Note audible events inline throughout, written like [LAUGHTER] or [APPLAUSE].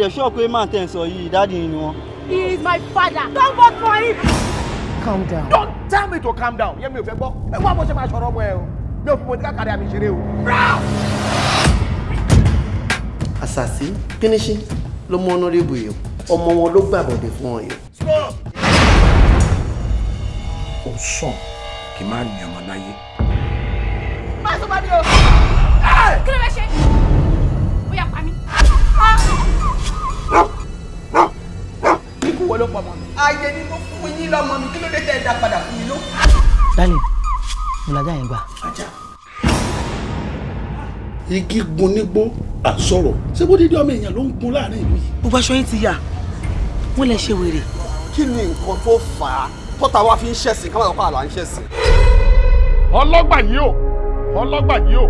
dẹ̀ sọ pé máa tẹ̀ sọ yìí dáàdi ni wọn. he is my father don't vote for him. calm down. don't tell me to calm down yẹ́n mi ò fẹ́ gbọ́ ẹ wá bó ṣe máa sọ̀rọ̀ ọmọ ẹ o mi ò fi bòtíkà kárí àmì ìṣeré o. àṣàṣì kíníṣí ló mú ọ̀nà rẹ̀ bùyọ̀ ọmọ wọn ló gbàbọ̀dẹ̀ fún ọ yìí. ó sàn kì í máa ní ọmọ láyé. má sọ bá mi o. kí ló fẹ́ ṣe? ó ikú ni mo fún yín lọ́mọ mi kí ló dé tẹ́ ẹ dá padà fún mi ló. dálì mo lajà yẹn gbà. igi gun nígbó àsọ̀rọ̀ ṣé bó dídí ọmọ èèyàn ló ń gun láàrin ìlú yìí. gbogbo aṣọ yín ti yà wọ́n lè ṣe wèrè. kí ni nǹkan tó fà á tọ́ta wa fi ń ṣẹ̀sìn káwọn ọ̀pá àlà ń ṣẹ̀sìn. ọlọ́gbà yìí o ọlọ́gbà yìí o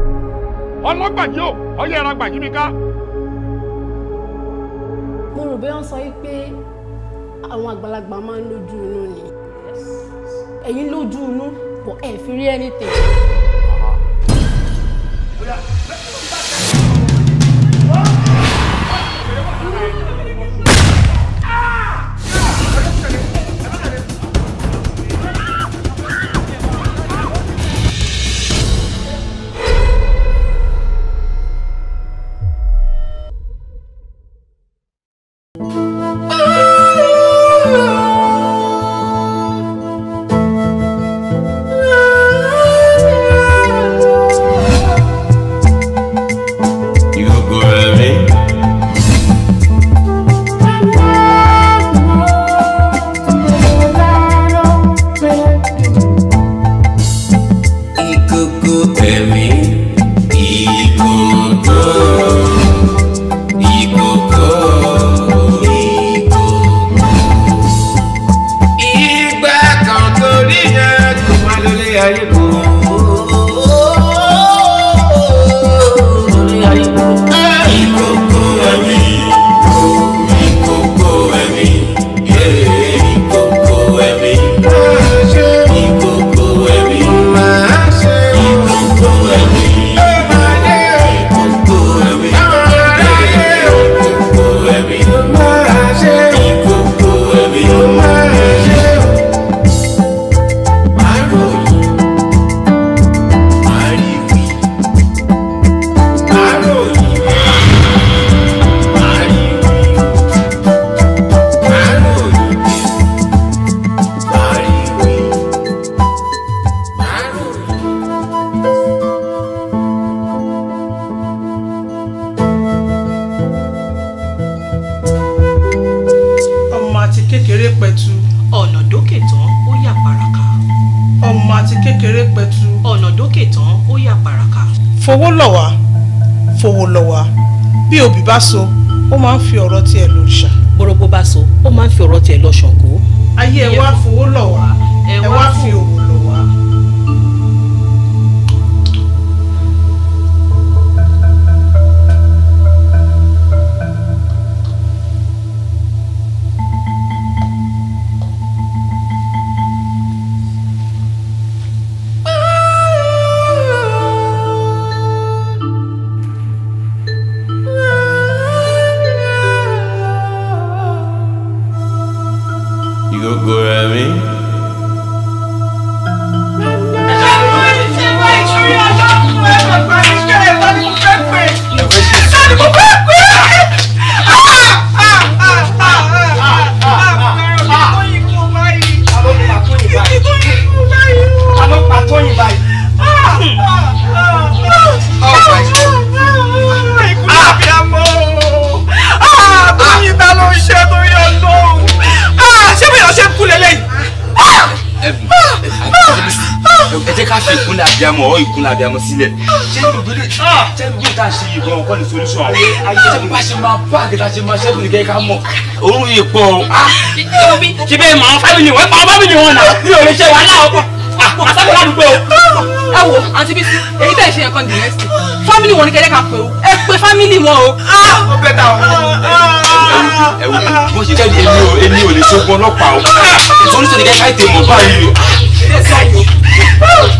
ọlọ́gbà yìí o ọyẹ́ ẹ̀rọ àgbà yìí mi ká mo rò bẹ́ẹ̀ wọ́n sọ wípé àwọn àgbàlagbà máa ń lójú inú ni ẹ̀yin lójú inú kò ẹ̀ fi rí anything. Let me paso abiyamọ ọ ìkun la abiyamọ sílẹ̀. ṣé ní gbèdé ah! ṣé ní ṣe yìí gan ọkọ ní solution ayé ayé ṣé bá ṣe máa bá àgẹ̀dá ṣe máa ṣẹ́gun nìkẹ́ ká mọ̀. òun yìí pọ̀ ah! ṣe bẹ́ẹ̀ mọ̀ fámìlì wọn àwọn fámìlì wọn náà mi ò ṣe wàhálà ọkọ̀ ah, àtàkùn ládùúgbò ẹ wo àǹtí bísí èyí bẹ́ẹ̀ ṣe ẹ̀kan dìrẹ́ fámìlì wọn ní kẹ́lẹ́ ká pè o ẹ pé fámìlì wọn o. ẹ wo bó ṣe jáde èmi ò èmi ò lè ṣogun ọlọ́pàá o ìsọ́nùsọ̀nì kẹ́kẹ́ ká mọ̀ báyìí o.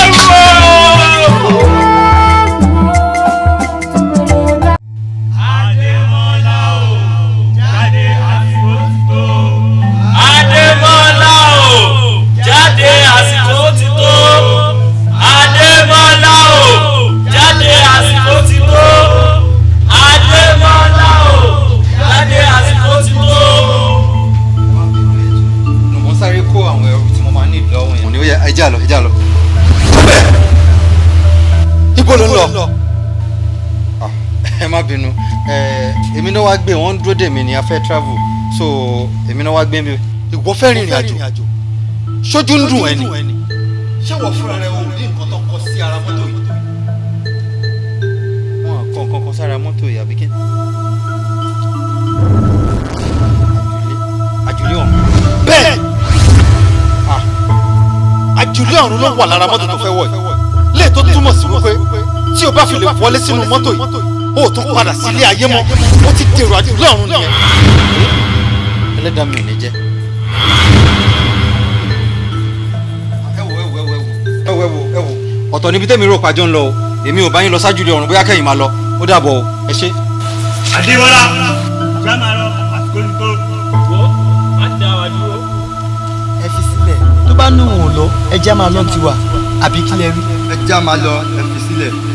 bó ló ń lọ. Ah, ẹ má bínú èmi náà wá gbé wọn dúró dè mí ni a fẹ́ travel so èmi náà wá gbé mi. ìwọ fẹ́ rìnrìn àjò sójú ń dùn ẹni. ṣé wọ́n fúnra rẹ̀ ò rí nǹkan tó kọ sí ara mọ́tò yìí. wọn à kọ nǹkan kan sára mọ́tò yìí àbí kí. àjùlé ọ̀hún. bẹ́ẹ̀ ah, àjùlé ọ̀hún ló wà lára mọ́tò tó fẹ́ wọ̀ yìí lè tó túmọ̀ sí wípé tí o bá fi lè wọlé sínú mọ́tò yìí o tún padà sílé ayé mọ́ o ti dèrò àdúrà ọ̀run nìyẹn. ẹlẹ́dàá mi ò ní jẹ́. ọ̀tọ̀ níbi tẹ́mi rò pàjọ́ ń lọ o èmi ò bá yín lọ ṣáájú ilé ọ̀run bóyá kẹ́yìn máa lọ ó dàbọ̀ o ẹ ṣé. àdéwọlá ìjà máa lọ àsìkò nìkó tó bá nù wọ́n lọ ẹ máa lọ tiwa àbí kílẹ̀ rí. ẹ máa lọ ẹ fi sílẹ̀.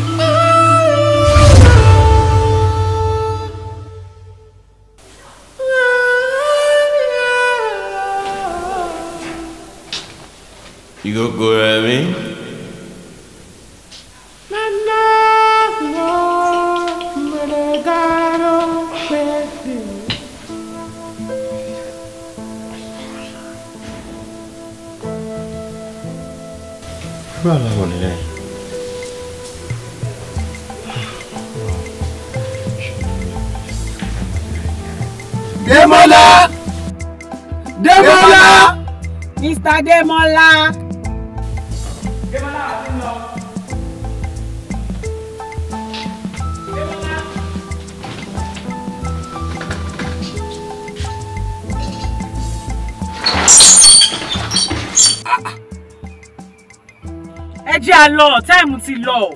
You go go at me. Irú àlá wò nílẹ̀ yìí? Demola! Demola! Mr. Demola! ẹ jẹ́ à lọ táìmù ti lọ.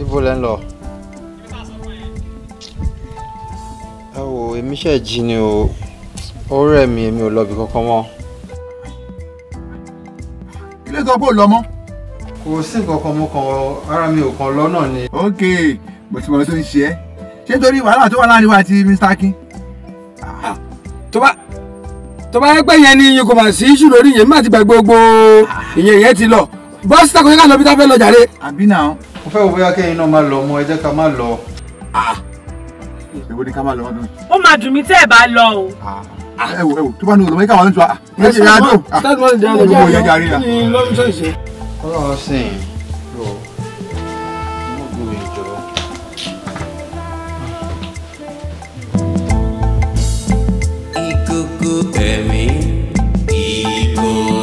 ibo lẹ ń lọ. ẹ wo èmi ṣe jí ni o ó rẹ̀ èmi ò lọ́bi kankan mọ́. ilé kan kò lọ mọ́. kò sí nǹkan mú kan ara mi ò kan lọ́nà ni. ok bọ̀tìmọ̀ tó ń ṣe ṣé torí wàhálà tó wà láàrin wa àti Mr. Akin. Ah, tó bá tó bá yẹ pé yẹn ni yín kò mà sí ìṣù lórí má ti gbàgbé gbogbo ìyẹn yẹn ti lọ bọ́ síta kò yẹ ká lọ bí tá fẹ́ lọ jàre. àbí náà mo fẹ́ wo bóyá kẹ́yìn náà máa lọ ọmọ ẹ ká máa lọ. Ah. èwo ni ká máa lọ ọdún. ó máa dùn mí tẹ́ ẹ̀ bá lọ o. Ah. Ah, ẹ wo ẹ wo tó bá ní olùmọ̀ yíká wà ní tu ẹ ṣe ya dùn. sẹ́ẹ̀dì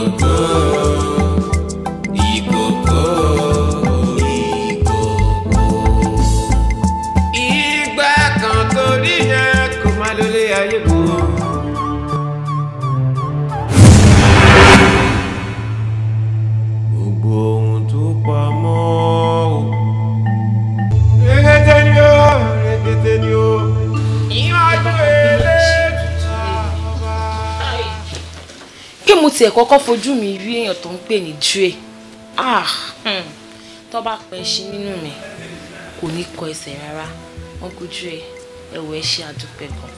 wọn tiẹ̀ kọ́kọ́ fojú mi rí èèyàn tó ń pè ní dre ah hmm. tó bá pẹ́ ṣe nínú mi kò ní kọ ẹsẹ̀ rárá wọn kú dre ẹ̀wọ̀ ẹ ṣe àdúpẹ́ kan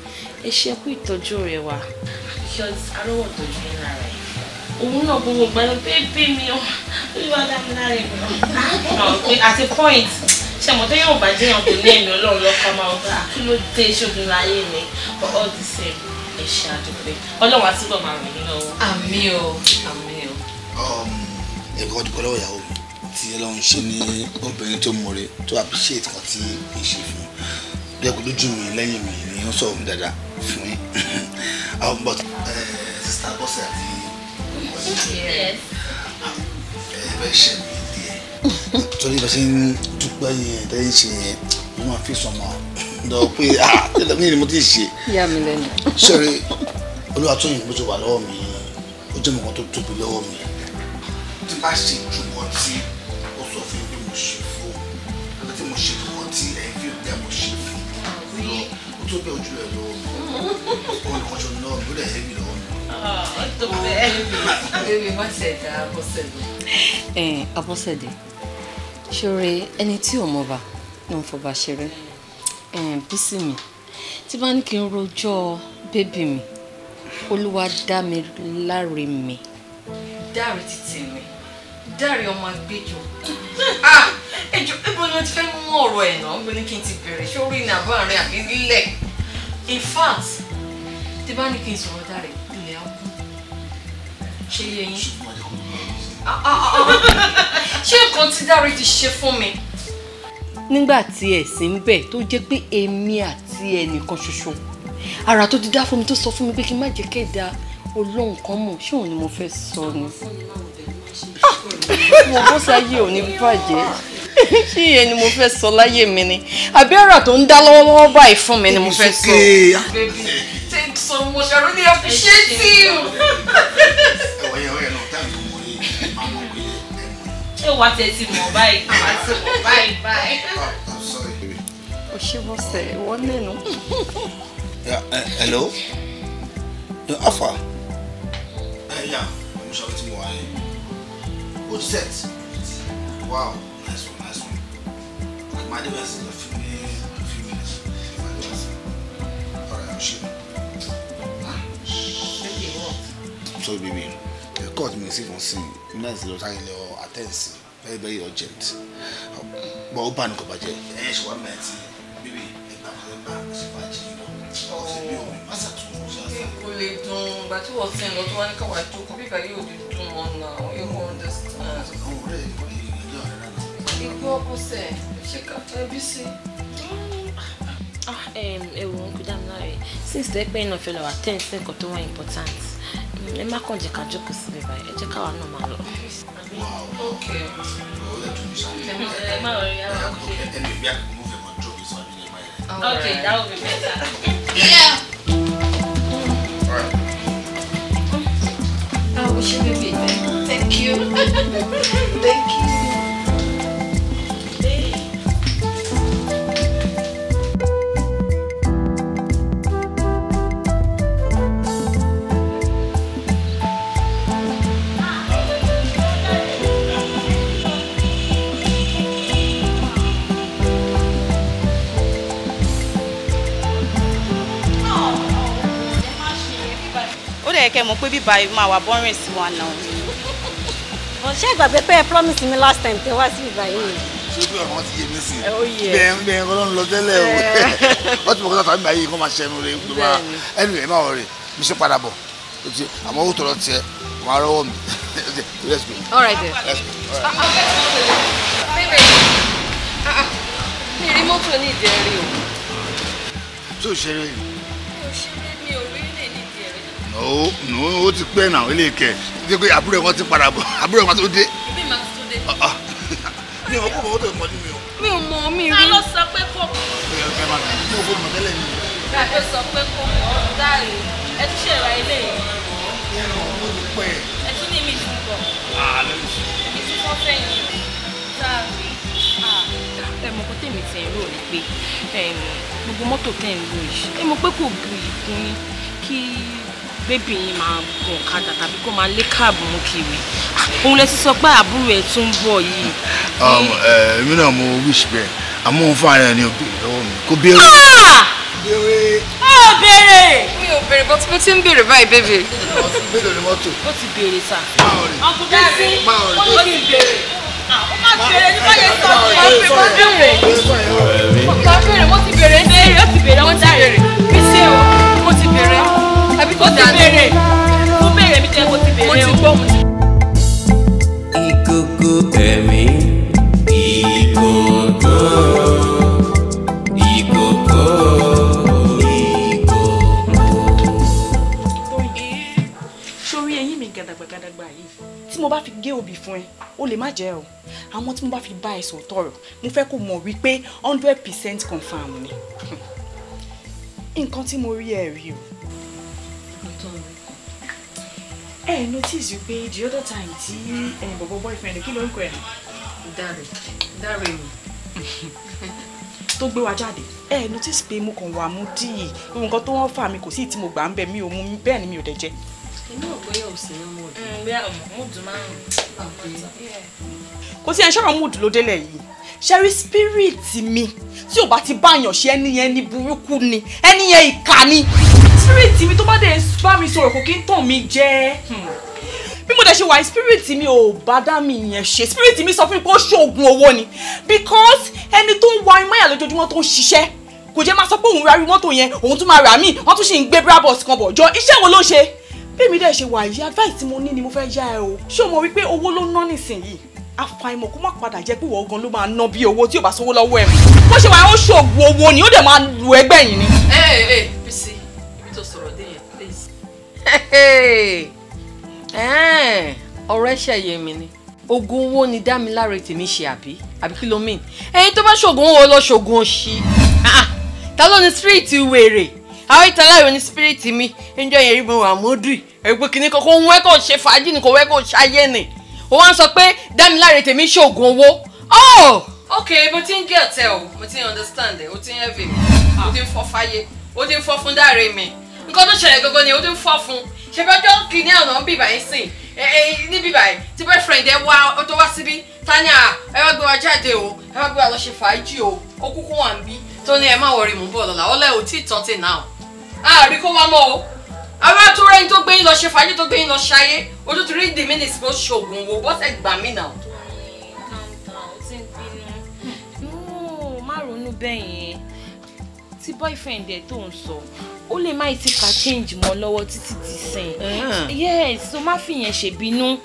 ẹ ṣe kú ìtọ́jú rẹ wá. kí ọ arọ́wọ́ ẹ lára ẹ̀ òun náà gbogbo gbẹ́nu pépé mi oh, ọ olúwa dámi lára ẹ̀ mi àti point ṣe mọ̀ tó yóò bàjẹ́ yàn kò ní ẹ̀mí ọlọ́run lọ́kọ́ máa gbà ah, kí ló dé ṣògùn láyé mi for all the same ṣe àdúpẹ́ ọlọ́run á túbọ̀ máa ràn yín lọ́wọ́. àmín o àmín o. Um, ẹ̀kọ́ dúpẹ́ lọ́wọ́ ìyàwó mi tí ọlọ́run ṣe ní obìnrin tó mọ̀re tó appreciate kan tí kì í ṣe fún un dẹ́kun lójú mi lẹ́yìn mi ni wọ́n sọ̀rọ̀ mi dáadáa fún yín. [LAUGHS] Um, but eh, sista bọ́sẹ̀ àti ẹ̀ẹ́dẹ́gbẹ́ um, ṣe mi díẹ̀ torí bá ṣe ń dúpẹ́ yẹn tẹ́yìn ṣe yẹn ló máa fi sọmọ lọ pé ah tẹ́lẹ̀ mi ni mo ti ṣe. yà mí lẹ́nu. sẹ́rí olúwa tó yìnbó ti wà lọ́wọ́ mi ó jẹ́ nǹkan tó tóbi lọ́wọ́ mi tí bá ṣe ju wọn tí ó sọ fún mi mo ṣe fún un tí mo ṣe fún wọn tí ẹ̀yin fi òkúta mo ṣe fún un lọ ó tó bẹ́ẹ̀ ojú rẹ̀ lọ́wọ́ mi ó nǹkan ṣe lọ́wọ́ mi ó dẹ̀ ẹ̀mí lọ́wọ́ mi. ó tó bẹ́ẹ̀ ẹ̀mí wọ́n ṣẹ̀dá abọ́sẹ̀dé. ẹ̀ abọ́sẹ̀dé ṣoore ẹni tí ò mọ̀ bá ló ń fọba ṣeré bísí mi tí bá ní kí n rojọ́ bébì mi olúwa dá mi láre mi dáre títì mi dáre ọmọ agbẹjọ ah, ẹjọ ibo ni wọn ti fẹ́ mú ọ̀rọ̀ ẹ náà ibo ni kí n ti bẹ̀rẹ̀ sórí ní àbọ àárín àbí lílẹ in fact tí bá ní kí n sọ̀rọ̀ dáre ilẹ̀ á ṣe yẹ yín ah, ah, ṣé nǹkan tí dáre ti ṣe fún mi nígbà tí ẹ̀sìn ń bẹ̀ tó jẹ́ pé èmi àti ẹnìkan ṣoṣo ara tó ti dá fún mi tó sọ fún mi pé kí n má jẹ́ kéda ọlọ́run kan mọ̀ ṣé òun ni mo fẹ́ sọ ni. Ah! mo bó sáyé ò bàjẹ́ [LAUGHS] ṣé ìyẹn ni mo fẹ́ sọ láyé mi ni àbí ọ̀rọ̀ tó ń dá lọ́wọ́lọ́wọ́ báyìí fún mi ni mo fẹ́ sọ. Ah. Thank you so much. I really appreciate ṣé wàá tẹ̀sí mọ̀ báyìí ah, wàá tẹ̀sí mọ̀ báyìí báyìí. Ah, o ṣe bọ́ sẹ̀ wọ́n lẹ́nu. Eh, hello no afa. ẹyà eh, mo ṣe ọtí mo wá yẹn o set wow nice one nice one àgbàdo bẹ́ẹ̀ sì lọ fi mi fi mi lọ sí àgbàdo bẹ́ẹ̀ sì ọ̀rẹ́ àṣẹ. Sorry, baby court mi sí fún sin mi náà sáré lọ attend sí very very urgent bọ́ ó bá ní kò bàjẹ́. ẹ ṣe wá mẹ́rin tí bíbí ìgbà kan bá ṣe bá jí lọ ọ̀sẹ̀ bí omi má ṣàtúnṣe ṣáṣá. kò lè dùn ìgbà tí wọ́n ti ń lọ tó wá ní káwá jókòó bíbá yóò di dùn wọn náà you go understand. àwọn ọ̀rẹ́ ìgbà ìgbà ọ̀pọ̀sẹ̀ ṣe kàfẹ́ bí sí ẹ wò ó kú dáná rẹ since tẹ́ pé iná fẹ́ lọ wà ten sí nǹkan tó wà important ẹ má kàn jẹ́ ká jókòó sílẹ̀ báyìí ẹ jẹ́ káwa náà máa lọ. Okay, that would be better. Yeah. All right. Oh, we should Thank you. [LAUGHS] Thank you. dẹ̀ kẹ́ mọ̀ pé bíbá yìí máa wà bọ́rìn sí wa náà. ṣé ìgbàgbé pé ẹ promise mi last time tẹ wá sí bíbá yìí ṣojú àwọn ti yé mi sí bẹ́ẹ̀ bẹ́ẹ̀ kọ́ lọ tẹ́lẹ̀ o [LAUGHS] wọ́n ti mọ̀ kọ́ta tàbí báyìí kó máa ṣẹnu rẹ̀ gbogbo ẹnu rẹ̀ máa rẹ̀ mi ṣe padà bọ̀ àmọ́ ó tọrọ tiẹ̀ wọ́n á rọ́wọ́ mi. [LAUGHS] Let's go. rí mọ́tò ní ìdẹ́rì o. tó ṣeré yìí ó nù ó ti pẹ́ náà ilé ìkẹ́ títí pé àbúrò wọn ti padà bọ̀ àbúrò wọn tó dé. ibi màá tó dé. Ah, ah. mi ò mọ̀ ọ́ tó kọ́ nínú o. mi ò mọ̀ mi rí. ta ló sọ pé kò kọ́. ẹ ẹ máa tẹ̀lé mi ò fọ́ mọ̀ tẹ́lẹ̀ mi. ta ló sọ pé kò kọ́ dáre ẹ tún ṣe ra ilé yìí. ẹ ẹ mo ti pẹ́. ẹ tún ní mi tún bọ̀. èmi tí wọ́n fẹ́ yìí dáre. ẹ mọ̀ kó tèmi tẹ̀ ń rò ní pé gbogbo mọ́tò tẹ̀ ń lò yìí ẹ pé kò gùn kí bébì yín máa gun ọ̀kadà tàbí kó máa lé káàbù mú kiri òun lè ti sọ pé àbúrò ẹ̀ tún ń bọ̀ yìí. Um, eh, èmi náà mo wish bẹ́ẹ̀ àmọ́ òun fún ara ẹ̀ ní obìnrin lọ́wọ́ mi kò béèrè. Ah! béèrè. ó béèrè. mi ò béèrè bó ti mo ti ń béèrè báyìí bébè. béèrè ni mọ́tò. ó ti béèrè sà. ọkùnrin sí ó ti béèrè. Ah, ó má béèrè ní báyẹn sọ ọ́ ti béèrè. ó ti béèrè ó ti béèrè ó ti béèrè. mo ti béèrè ó ti béèrè mo béèrè mi tẹ́ mo ti béèrè o. mo ti gbọ́ mo ti. ìkòkò ẹ̀mí ìkòkò ìkòkò. sórí eyín mi gàdàgbàgàdàgbà yìí tí mo bá fi gé obì fún ẹ o lè má jẹ o àwọn tí mo bá fi bá ẹ sọ̀tọ̀ rẹ̀ mo fẹ́ kó mọ̀ wípé hundred percent confam ni [LAUGHS] nǹkan tí mo rí ẹ rí o. ẹ notice pé the other time tí bọ̀bọ̀ boyfriend kí ló ń kọ ẹ̀. dáre dáre o. tó gbé wa jáde ẹ notice pé mo kàn wà mú díì nǹkan tó wọ́n fà mí kò sí tí mo gbà ń bẹ̀ mi ò mú bẹ́ẹ̀ ni mi ò dẹ̀ jẹ́ inú ògbóyà ò sí ní mood. Mm, bóyá ọmọ mood máa ń kò sí ẹ ṣọ́rọ̀ mood ló délẹ̀ yìí ṣẹ́rí spirit mi tí ò bá ti báyàn ṣe ẹni yẹn ní burúkú ni ẹni yẹn ìkà ni spirit mi tó bá dẹ̀ bá mi sọ̀rọ̀ kò kí ń tàn mí jẹ́ hmm. bí mo dẹ̀ ṣe wà spirit mi ò bá dá mi yẹn ṣe spirit mi sọ fún mi pé ó ṣoògùn owó ni because ẹni tó ń wa imáyà lójoojúmọ́ tó ń ṣiṣẹ́ kò jẹ́ máa sọ pé òun ra irú mọ́tò yẹn òun tún máa rà míì wọ́n tún ṣì ń gbé brabus kan bọ̀ jọ iṣẹ́ wo ló ṣe bí mi dẹ̀ ṣe wà yìí advice tí mo ní ni mo fẹ́ yá ẹ o ṣé o mọ̀ wípé owó ló ń ná nísìnyìí àfàìmọ̀ kó má padà jẹ́ pé ìwọ gan ló máa ná bí owó tí ò bá sanwó lọ́wọ́ ẹ̀ bó ṣe wà ó ṣòògùn owó ni ó dẹ̀ máa lu ẹgbẹ́ yìí ni. ẹ ẹ Bísí ibi tó sọ̀rọ̀ dé yẹn please. ọ̀rọ̀ ẹ̀ṣẹ̀ yẹn mi ni oògùn owó ni dámiláre tèmi ṣe àbí àbí kí ló mean ẹyin tó bá ṣògùn owó lọ ṣògùn òṣì ah, ah, ta ló ní street wèrè àwọn ìtàlá ìròyìn spirit mi ẹnjọ yẹn ìbọn àmọdù ẹgbẹ kìíní kọkọ òun wẹkọ ṣe fàájì ni kò wẹkọ ṣayé ni òun á sọ pé dámiláre tèmi ṣoògùn owó. Oh! ok mo ti ń gé ọ̀tẹ̀ o mo ti ń understand o ti ń heavy mi o ti ń fọ́ fáyé o ti ń fọ́ fún dáre mi nǹkan tó ṣẹlẹ̀ gbogbo ni o ti ń fọ́ fún ṣe fẹ́ jọ́ kìíní ọ̀nà ń bìbà yín sìn níbí báyìí tí boyfriend ẹ wá tó wá síbí tani à ẹ wá gbé wa jáde o ẹ wá gbé wa lọ ṣe fàájì o ó kúkú wà ń bí tó ní ẹ má wọrí mò ń bọ̀ lọ́la ọlẹ́ ò tí ì tán tì náà àárí kó wá mọ́ o àwọn àtúrẹ́ ní tó gbé yín lọ ṣe fàájì tó gbé yín lọ ṣayé ojú tó rí the minutes bó ṣoògùn owó bọ́sẹ̀ gbà mí náà. má ronú bẹ́yẹn tí boyfriend ẹ̀ tó ń sọ ó lè má ti ka change mọ́ lọ́wọ́ títí ti sìn yes so má fìyẹn ṣèbínú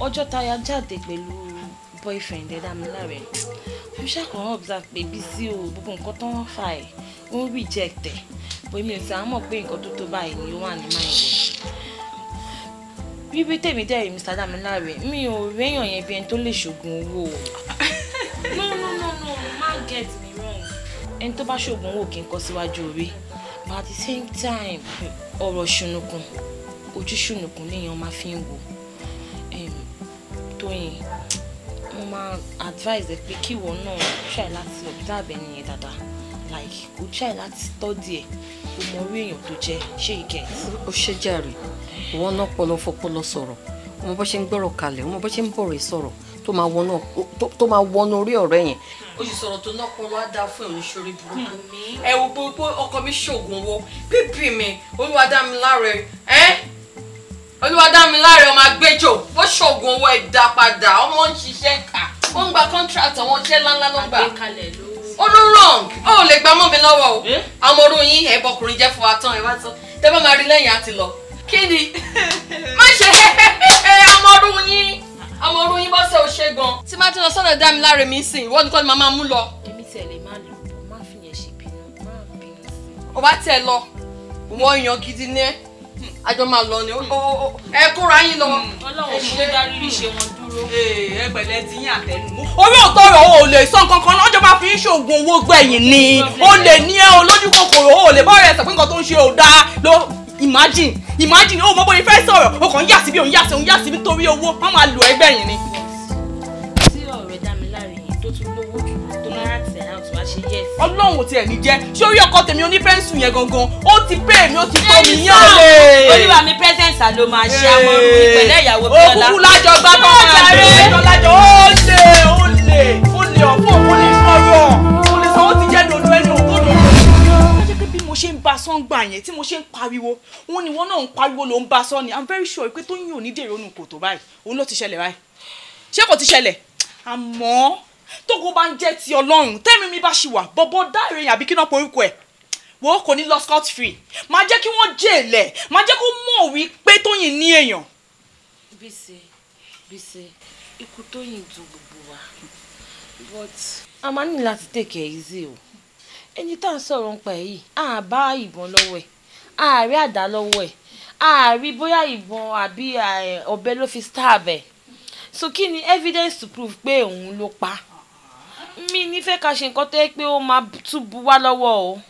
ọjọ́ tá a yà jáde pẹ̀lú boyfriend ẹ̀ Dámiláre mo ṣàkóhán observe pé Bísí o gbogbo nǹkan tó ń fà ẹ̀ ó ń reject ẹ̀ bóyá mi ò sì á mọ̀ pé nǹkan tó tó báyìí ni ó wà ní máa yẹn bíbí tèmi dẹ́rẹ̀ Mr. Dámiláre mi ò réyàn yẹn bí ẹni tó lè ṣògùn owó o no no no no má get me wrong ẹni tó bá ṣògùn owó kì í kọ́ síwájú orí but at the same time ọ̀rọ̀ ṣùnùkùn ojú ṣùnùkùn lèèyàn máa fi ń wò Tóyìn mo máa advise ẹ pé kí ìwọ náà try láti observe ẹni yẹn dáadáa like o try láti study ẹ o mọ orí èèyàn tó jẹ ṣé you get. ó ṣe jàre ìwọ náà pọlọ fọpọlọ sọ̀rọ̀ ọmọ bó ṣe ń gbọ́rọ̀ kalẹ̀ ọmọ bó ṣe ń bọ̀rọ̀ ìsọ̀rọ̀ tó máa wọnú orí ọ̀rẹ́ yẹn. ó sì sọ̀rọ̀ tó náà pọ́n wá dá fún ẹ̀rù ìṣòro burúkú. Hmm. ẹ wo gbogbo ọkọ mi ṣoògùn owó bíbí mi olúwa dá mi láre olúwadámiláre ọmọ agbẹjọ bó ṣoògùn owó ẹdá padà ọmọ ń ṣiṣẹ́ kà ó ń gba contract àwọn iṣẹ́ ńláńlá ló ń gbà ó ló wrong ó lè gba mọ́ mi lọ́wọ́ o àwọn orun yín ẹ̀ bọkùnrin jẹ́ fún wa tán ẹ̀ wá tán tẹ́ bá máa rí lẹ́yìn àti lọ kí ni [LAUGHS] má ṣe [LAUGHS] àwọn orun yín àwọn orun yín bọ́sẹ̀ ò ṣe gan. tí má ti lọ sọ́dọ̀ dámiláre mi sìn ìwọ ni màá máa mú lọ. èmi tiẹ̀ lè má lọ má fi yẹn ṣe bínú má bínú sí. ọba tiẹ̀ lọ ìwọ èèyàn gidi ni ẹ́ àjọ máa lọ ni ẹ kóra yín lọ. Hmm. ọlọ́run ṣe dárí ṣe wọn dúró. Eh, ẹ pẹ̀lẹ́ ti yín àtẹnu. olóòótọ́ ọ̀rọ̀ o ò lè sọ nǹkan kan náà jọba fi ń ṣoògùn owó gbẹ̀yìn ni o lè ní ẹ o lójú kòkòrò o lè bá ọ̀rẹ́ sọ pé nǹkan tó ń ṣe ò dáa ló imagine imagine o mọ bóyá fẹ́ sọ̀rọ̀ o kàn ń yà síbi òun yà sí òun yà síbi torí owó wọ́n máa lù ẹgbẹ́ yìí ni. ọlọ́run ò tiẹ̀ ní jẹ́ ṣé orí ọkọ tèmi oní pẹ́ńsù yẹn gangan ó ti pè mí ó ti tọ́ mi yán lè. olúwa mi pẹ́sẹ̀nsà ló máa ṣe àwọn ọmọ ìpẹ̀lẹ́ ìyàwó bíọ́lá. òkú lájọ gbá tó máa lè ó lájọ ó lè ó lè ó lè ọ̀pọ̀ ó lè sọ̀rọ̀ ó lè sọ ó ti jẹ́ dodo ẹni òkúdò. ó jẹ́ pé bí mo ṣe ń ba sọ́ngbà yẹn tí mo ṣe ń pariwo wọn ni wọn náà ń pariwo ló ń ba sọ́ ni i'm very sure pé Tóyìn ò ní dèrò onú kòtò báyìí òun ló ti ṣẹlẹ̀ báyìí ṣé kò ti ṣẹlẹ̀ àmọ́ tógo bá ń jẹ́ ti ọlọ́run tẹ́mi mi bá ṣì wà bọ́bọ́ dá ìrẹyìn àbí kí náà porúkọ ẹ̀ wo kò ní lọ scot free máa jẹ́ kí wọ́n jẹ́ èlẹ̀ máa jẹ́ kó mọ̀ wí pé tóyìn ní èèyàn. bíse bíse ikú tóyìn dùn gbogbo wa but a máa ní láti take it easy o ẹni tá à ń sọ̀rọ̀ nípa ẹ̀ yìí à bá ìbọn lọ́wọ́ ẹ̀ à rí àdá lọ́wọ́ ẹ̀ à rí bóyá ìbọn àbí ọ̀bẹ ló fi stab so kí ni evidence to prove pé òun ló pa á mi nífẹ̀ẹ́ ká ṣe nǹkan tó yẹ pé ó máa tún bu wá lọ́wọ́ o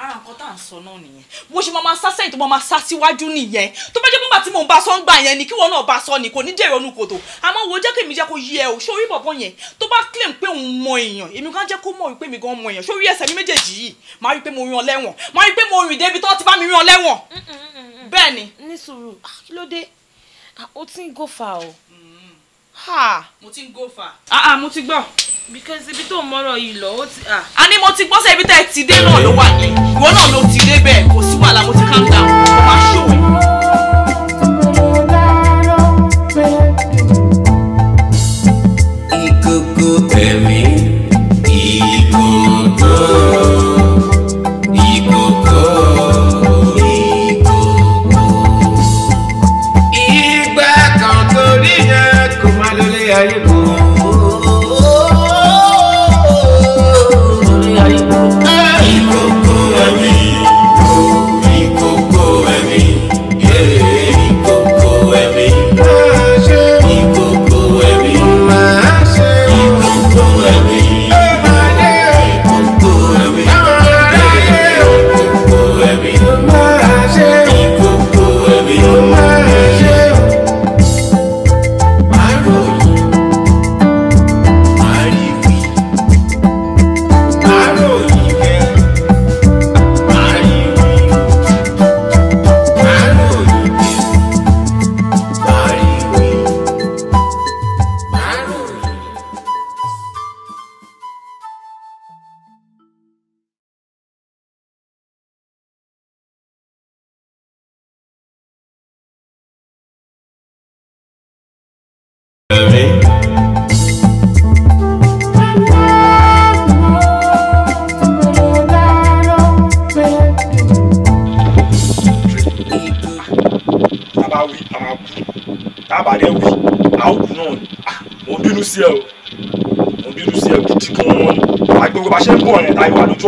ara nǹkan tá à ń sọ náà nìyẹn bó ṣe máa ma sá sẹ́yìn tó máa ma sá síwájú nìyẹn tó bá jẹ́ pípa tí mò ń bá sọ ń gbà yẹn ni kí wọ́n náà bá sọ ni kò ní dèrò ọ̀nù kòtò àmọ́ wo jẹ́ kí èmi jẹ́ kó yí ẹ o ṣó rí bọ̀bọ̀ yẹn tó bá claim pé òun mọ èèyàn èmi kan jẹ́ kó mọ̀ wípé mi gan mọ èèyàn ṣó rí ẹsẹ̀ mi méjèèjì yìí máa rí pé mo rìn ọlẹ́wọ̀n máa rí pé mo rìn débi tó ti bá mi rìn ọlẹ́wọ̀n bẹ́ẹ̀ ni. ní sùúrù ah, kí ló dé ah, o ti ń gòfà o. Mm-hmm. mo ti ń gòfà. Ah, mo ti gbọ́ because ibi tó mọ́rọ̀ yìí lọ ó ti. Ah. a ní mo ti gbọ́ sẹ́yìn ibi tá ẹ ti dé náà ló wà ní ìwọ náà ló ti dé bẹ́ẹ̀ kò sí wàhálà mo ti calm down.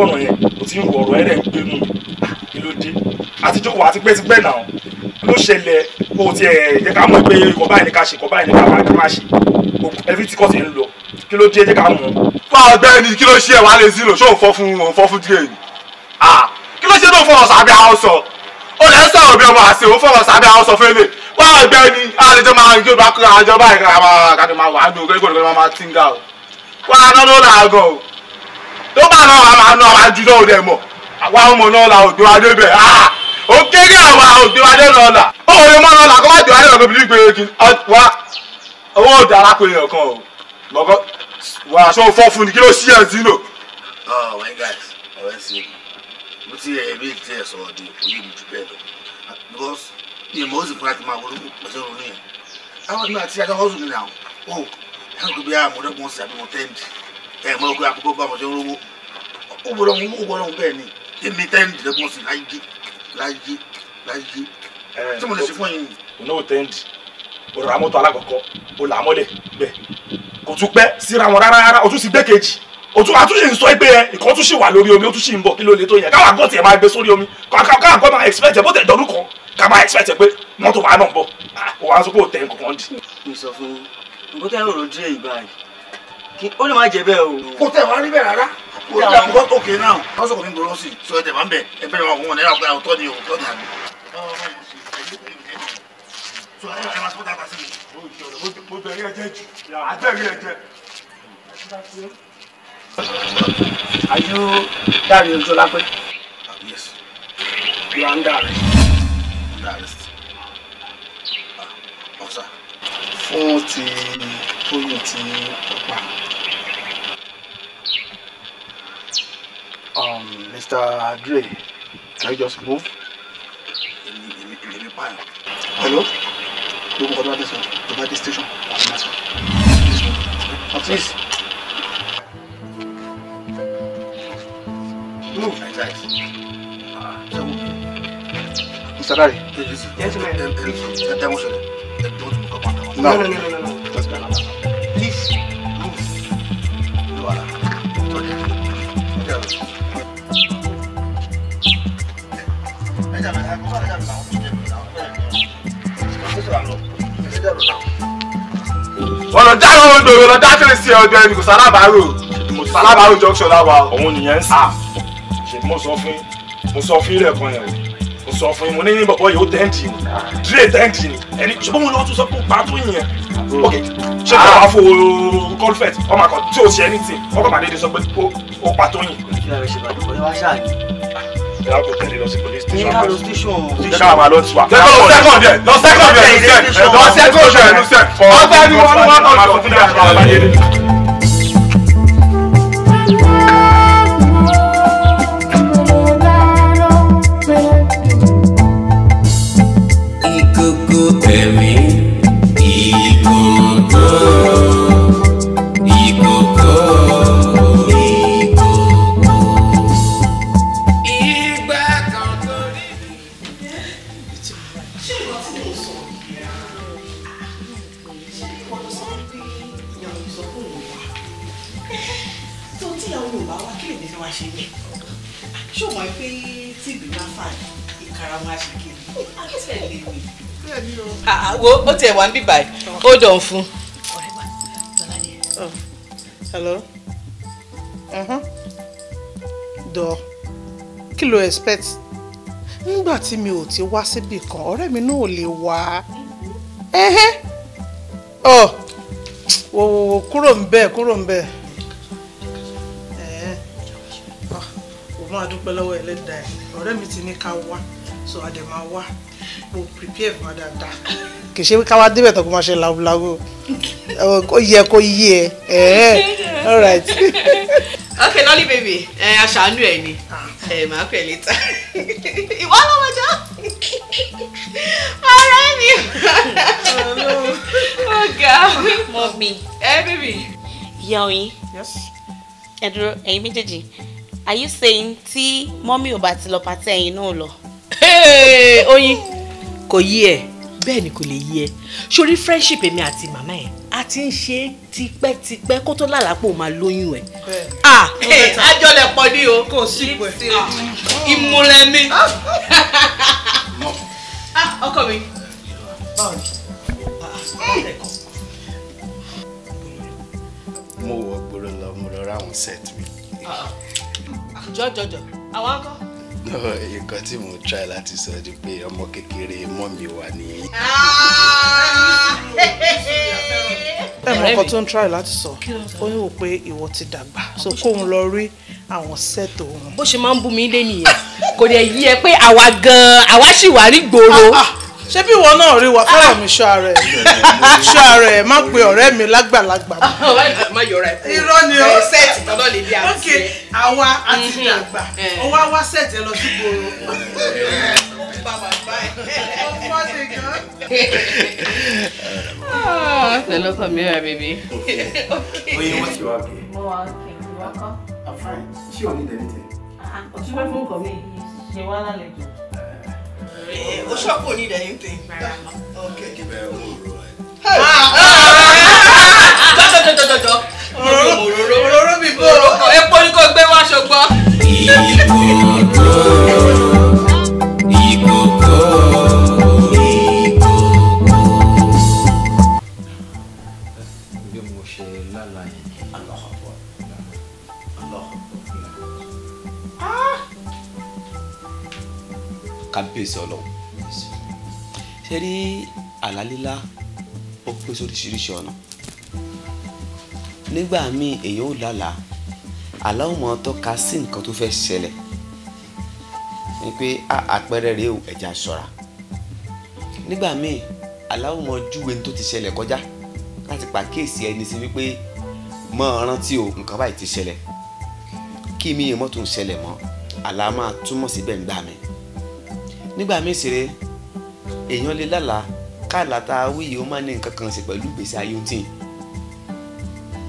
sọ̀rọ̀ yẹn o ti ń rò ọ̀rọ̀ ẹ̀rẹ̀ ń gbénu mi ló dé àtijọ́ wà á ti pẹ́ ti pẹ́ náà ló ṣẹlẹ̀ o ti ẹ̀ jẹ́ ká mọ̀ pé ikọ̀ báyìí ni ká ṣe ikọ̀ báyìí ni ká má ṣe ẹbí tí kò ti ń lọ kí ló dé jẹ́ ká mọ̀. fún ọ̀gbẹ́ni kí ló ṣe wàá lè sí lò ṣó ń fọ́ fún òun fọ́ fún díẹ̀ ni kí ló ṣe tó ń fọwọ́ sábẹ́ àwọn sọ ó lẹ́ sọ̀rọ̀ bí ọmọ àṣẹ òun fọwọ́ sábẹ́ àwọn sọ fẹ́lẹ̀ wá ọ̀gbẹ́ni àlejò máa ń jó bá àjọba ìkàrà máa kàdé máa wà á gbé tó bá náà wàá máa ná wàá jù náà rẹ̀ mọ̀ àwa ọmọ náà la òjò adé bẹ̀ á ó kéré àwa òjò adé náà là ó lè mọ́ náà là kó má jọ adé náà bíbí gbèrè kí wá owó òjò arákùnrin yẹn o mọ̀kọ́ wà aṣọ fọ́ fún ni kí ló ṣí ẹ̀ sí lò. ọ̀ wẹ́n guys ọ̀rẹ́ sí i mo ti ẹ̀ bí ti ẹ̀ sọ̀rọ̀ di òye mi jù bẹ́ẹ̀ lọ because mi ò mọ̀ ó sì fún láti máa wọlé pẹ̀sẹ̀ ronú yẹn àwọn ọdún àti adáwọ́sùn nínú àwọn ó oh, ẹ̀rọ gbé àmọ́dọ́gbọ̀n sí àbí mo tẹ́ǹdì ẹ mọ ogun àkókò bá wọn ṣe ń rówó ó gbọ́dọ̀ wọn ó gbọ́dọ̀ wọn bẹ́ẹ̀ ni èmi tẹ́ǹdínlẹ́gbọ̀n sí láyé láyé láyé tí mo lè ṣe fún yín. ònà ò tẹ́ǹdì òrà mọ́tò alákọ̀ọ́kọ́ ó là á mọ́lẹ̀ bẹ́ẹ̀ kò tún pẹ́ síra wọn rárá rárá o tún sì gbé kejì o tún àtúnṣe ń sọ pé ẹ nǹkan tún ṣì wà lórí omi o tún ṣì ń bọ̀ kí ló lè tó yẹn káwọn àgọ́ tiẹ̀ máa gbé sórí omi káwọn àgọ́ máa expect ẹ bó tẹ̀ dọ́dún kan ká máa expect ẹ pé mọ́tò wa náà ń bọ̀ ó ah, wàá sọ pé ò tẹ̀ nǹkan kan dì. mi sọ fún yín nǹkan tẹ́ ẹ rò lójú èyí báyìí ó lè má jẹ bẹ́ẹ̀ o. kò tẹ̀ wá rí bẹ́ẹ̀ rárá kò tẹ̀ àwọn bọ́tò òkè náà wọ́n sọ̀kò ní gbòòrò sí i sọ ẹ̀jẹ̀ máa ń bẹ̀ ẹ bẹ̀rẹ̀ wà wọ́n náírà pé àwòtọ́ ni òótọ́ ni àgbẹ̀. mo bẹ̀rẹ̀ ẹ̀jẹ̀ jù yes. You are under arrest. Under ah, Fún ti oyè tí ó Um, Mr. Dre, can you just move? Hello? Go over this one. Over this station. Please. Move. Mr. Dari. Yes, ma'am. No, no, no, no, no. Please, move. You are. ọ̀nà dáná ló ń dòwe lọ dátìrì sí ọdọ ẹni kò sálábàárò kò sálábàárò junction láwa òun nìyẹn ń sà ah. ṣe mo sọ fún mo sọ fún ilé ẹ̀kọ́ yẹn o mo sọ fún yín mo ní ní bọ̀bọ̀ yìí ó tẹ́ǹtì ni díré tẹ́ǹtì ni ẹni ṣùgbọ́n mo lọ́wọ́ tún sọ pé ó pa tó yẹn ok ṣé kò wá fún o confet ọmọ àkọ́ tí o ṣe anything ọkọ̀ màdé de sọ pé ó pa yẹn. kí ni ṣe pàdé ọ̀rẹ́ ṣáà ni a kò tẹ̀lé lọ sí police station. ní àrò station. jẹ́ká àwọn àlọ́ tiwa. lọ wo ó tiẹ̀ wá ń bíbà ẹ̀ ó dàn fún. hello uh-huh. dọ kí ló expect nígbà tí mi ò ti wá síbì kan ọ̀rẹ́ mi náà ò lè wá ọ wò wò wò kúrò ń bẹ̀ kúrò ń bẹ̀. máa dúpẹ́ lọ́wọ́ ẹlẹ́dàá ẹ̀ ọ̀rẹ́ mi ti ní ká wá so a dẹ̀ máa wá mo prepare for dáadáa kì í ṣe káwá débẹ̀ tó kó máa ṣe làwùlàwù ó yẹ kó yé ẹ ẹ̀ẹ́ all right. [LAUGHS] ok lolly baby ẹ aṣàánú ẹ ni ẹ máa pè létà ìwọ lọ́wọ́jọ́ [LAUGHS] ọ̀rẹ́ mi ọ̀gá [LAUGHS] oh, mọ̀mí ẹ baby, ìyá oyin ẹ dúró ẹ̀yin méjèèjì are you saying tí mọ́mí ò bá ti lọ pàtẹ́ ẹ̀yin náà lọ. oyin kò yí ẹ̀ bẹ́ẹ̀ ni kò lè yí ẹ sórí friendship èmi àti màmá ẹ a ti ń ṣe é tipẹ́tipẹ́ kó tó lálàpọ̀ máa lóyún ẹ. Ah, àjọlẹ̀ pọ̀ ní o kò sí pẹ̀ ah, ìmúlẹ̀ mi. [LAUGHS] Ah, ọkọ mi báwo ni mo wọ gbòòrò lọ mo lọ ra àwọn set mi. jọjọjọ àwọn akọ. [LAUGHS] nǹkan tí mo try láti sọ ni pé ọmọ kékeré mọ́ mi wà ní. ẹ mọ ọkọ tó ń try láti sọ ó ní wò pé ìwọ ti dàgbà so kóun lọ rí àwọn sẹ́ẹ̀tì òun. bó ṣe máa ń bú mi lé nìyẹn kò dẹ̀ yí ẹ pé àwa gan-an àwa ṣì wà ní gbòòrò ṣé bí ìwọ náà rí wa ah. fẹ́ràn mi ṣọ́ ara ẹ̀ ṣọ́ ara ẹ̀ má pe ọ̀rẹ́ mi lágbàlagbà. má yọra ẹ kúrò irọ́ ni o sẹ́ẹ̀tì tọ́lọ́ lè lé àti ẹ. ok àwa àti mm-hmm. dàgbà ọwọ́ àwa sẹ́ẹ̀tì ẹ lọ sí gbòòrò. Hello, come here, baby. Oye, what's your okay? Mo wa okay, mo wa kọ́. I'm fine. Ṣé o ní dẹ́rẹ́tẹ̀? Ah, ah, Ọ̀tún fẹ́ fún kọ̀ mi, ṣe wá lálejò o sure kò need anything. okay. jọjọjọjọjọ òróró òróró òróró bíbó epo ni kò gbé wá ṣọgbọ. ìbò kábíyèsí ọlọ́run ṣe rí àlá lílá ó pèsè oríṣiríṣi ọ̀nà nígbà míì èèyàn ò lálàá àlá ò mọ tọ́ka sí nǹkan tó fẹ́ ṣẹlẹ̀ ni pé àpẹẹrẹ rèé o ẹ̀já ṣọ́ra nígbà míì àlá ò mọ júwe tó ti ṣẹlẹ̀ kọjá láti pàkíyèsí ẹni sí wípé mọ rántí o nǹkan báyìí ti ṣẹlẹ̀ kí mi yẹn mọ́tò ń ṣẹlẹ̀ mọ́ àlá máa túmọ̀ síbẹ̀ ń gbà mí nígbà míì sì rẹ èèyàn lè lálàá káàlà tá a wí yìí ó máa ní nǹkan kan sí pẹ̀lú ìgbésí ayé ohun tí ì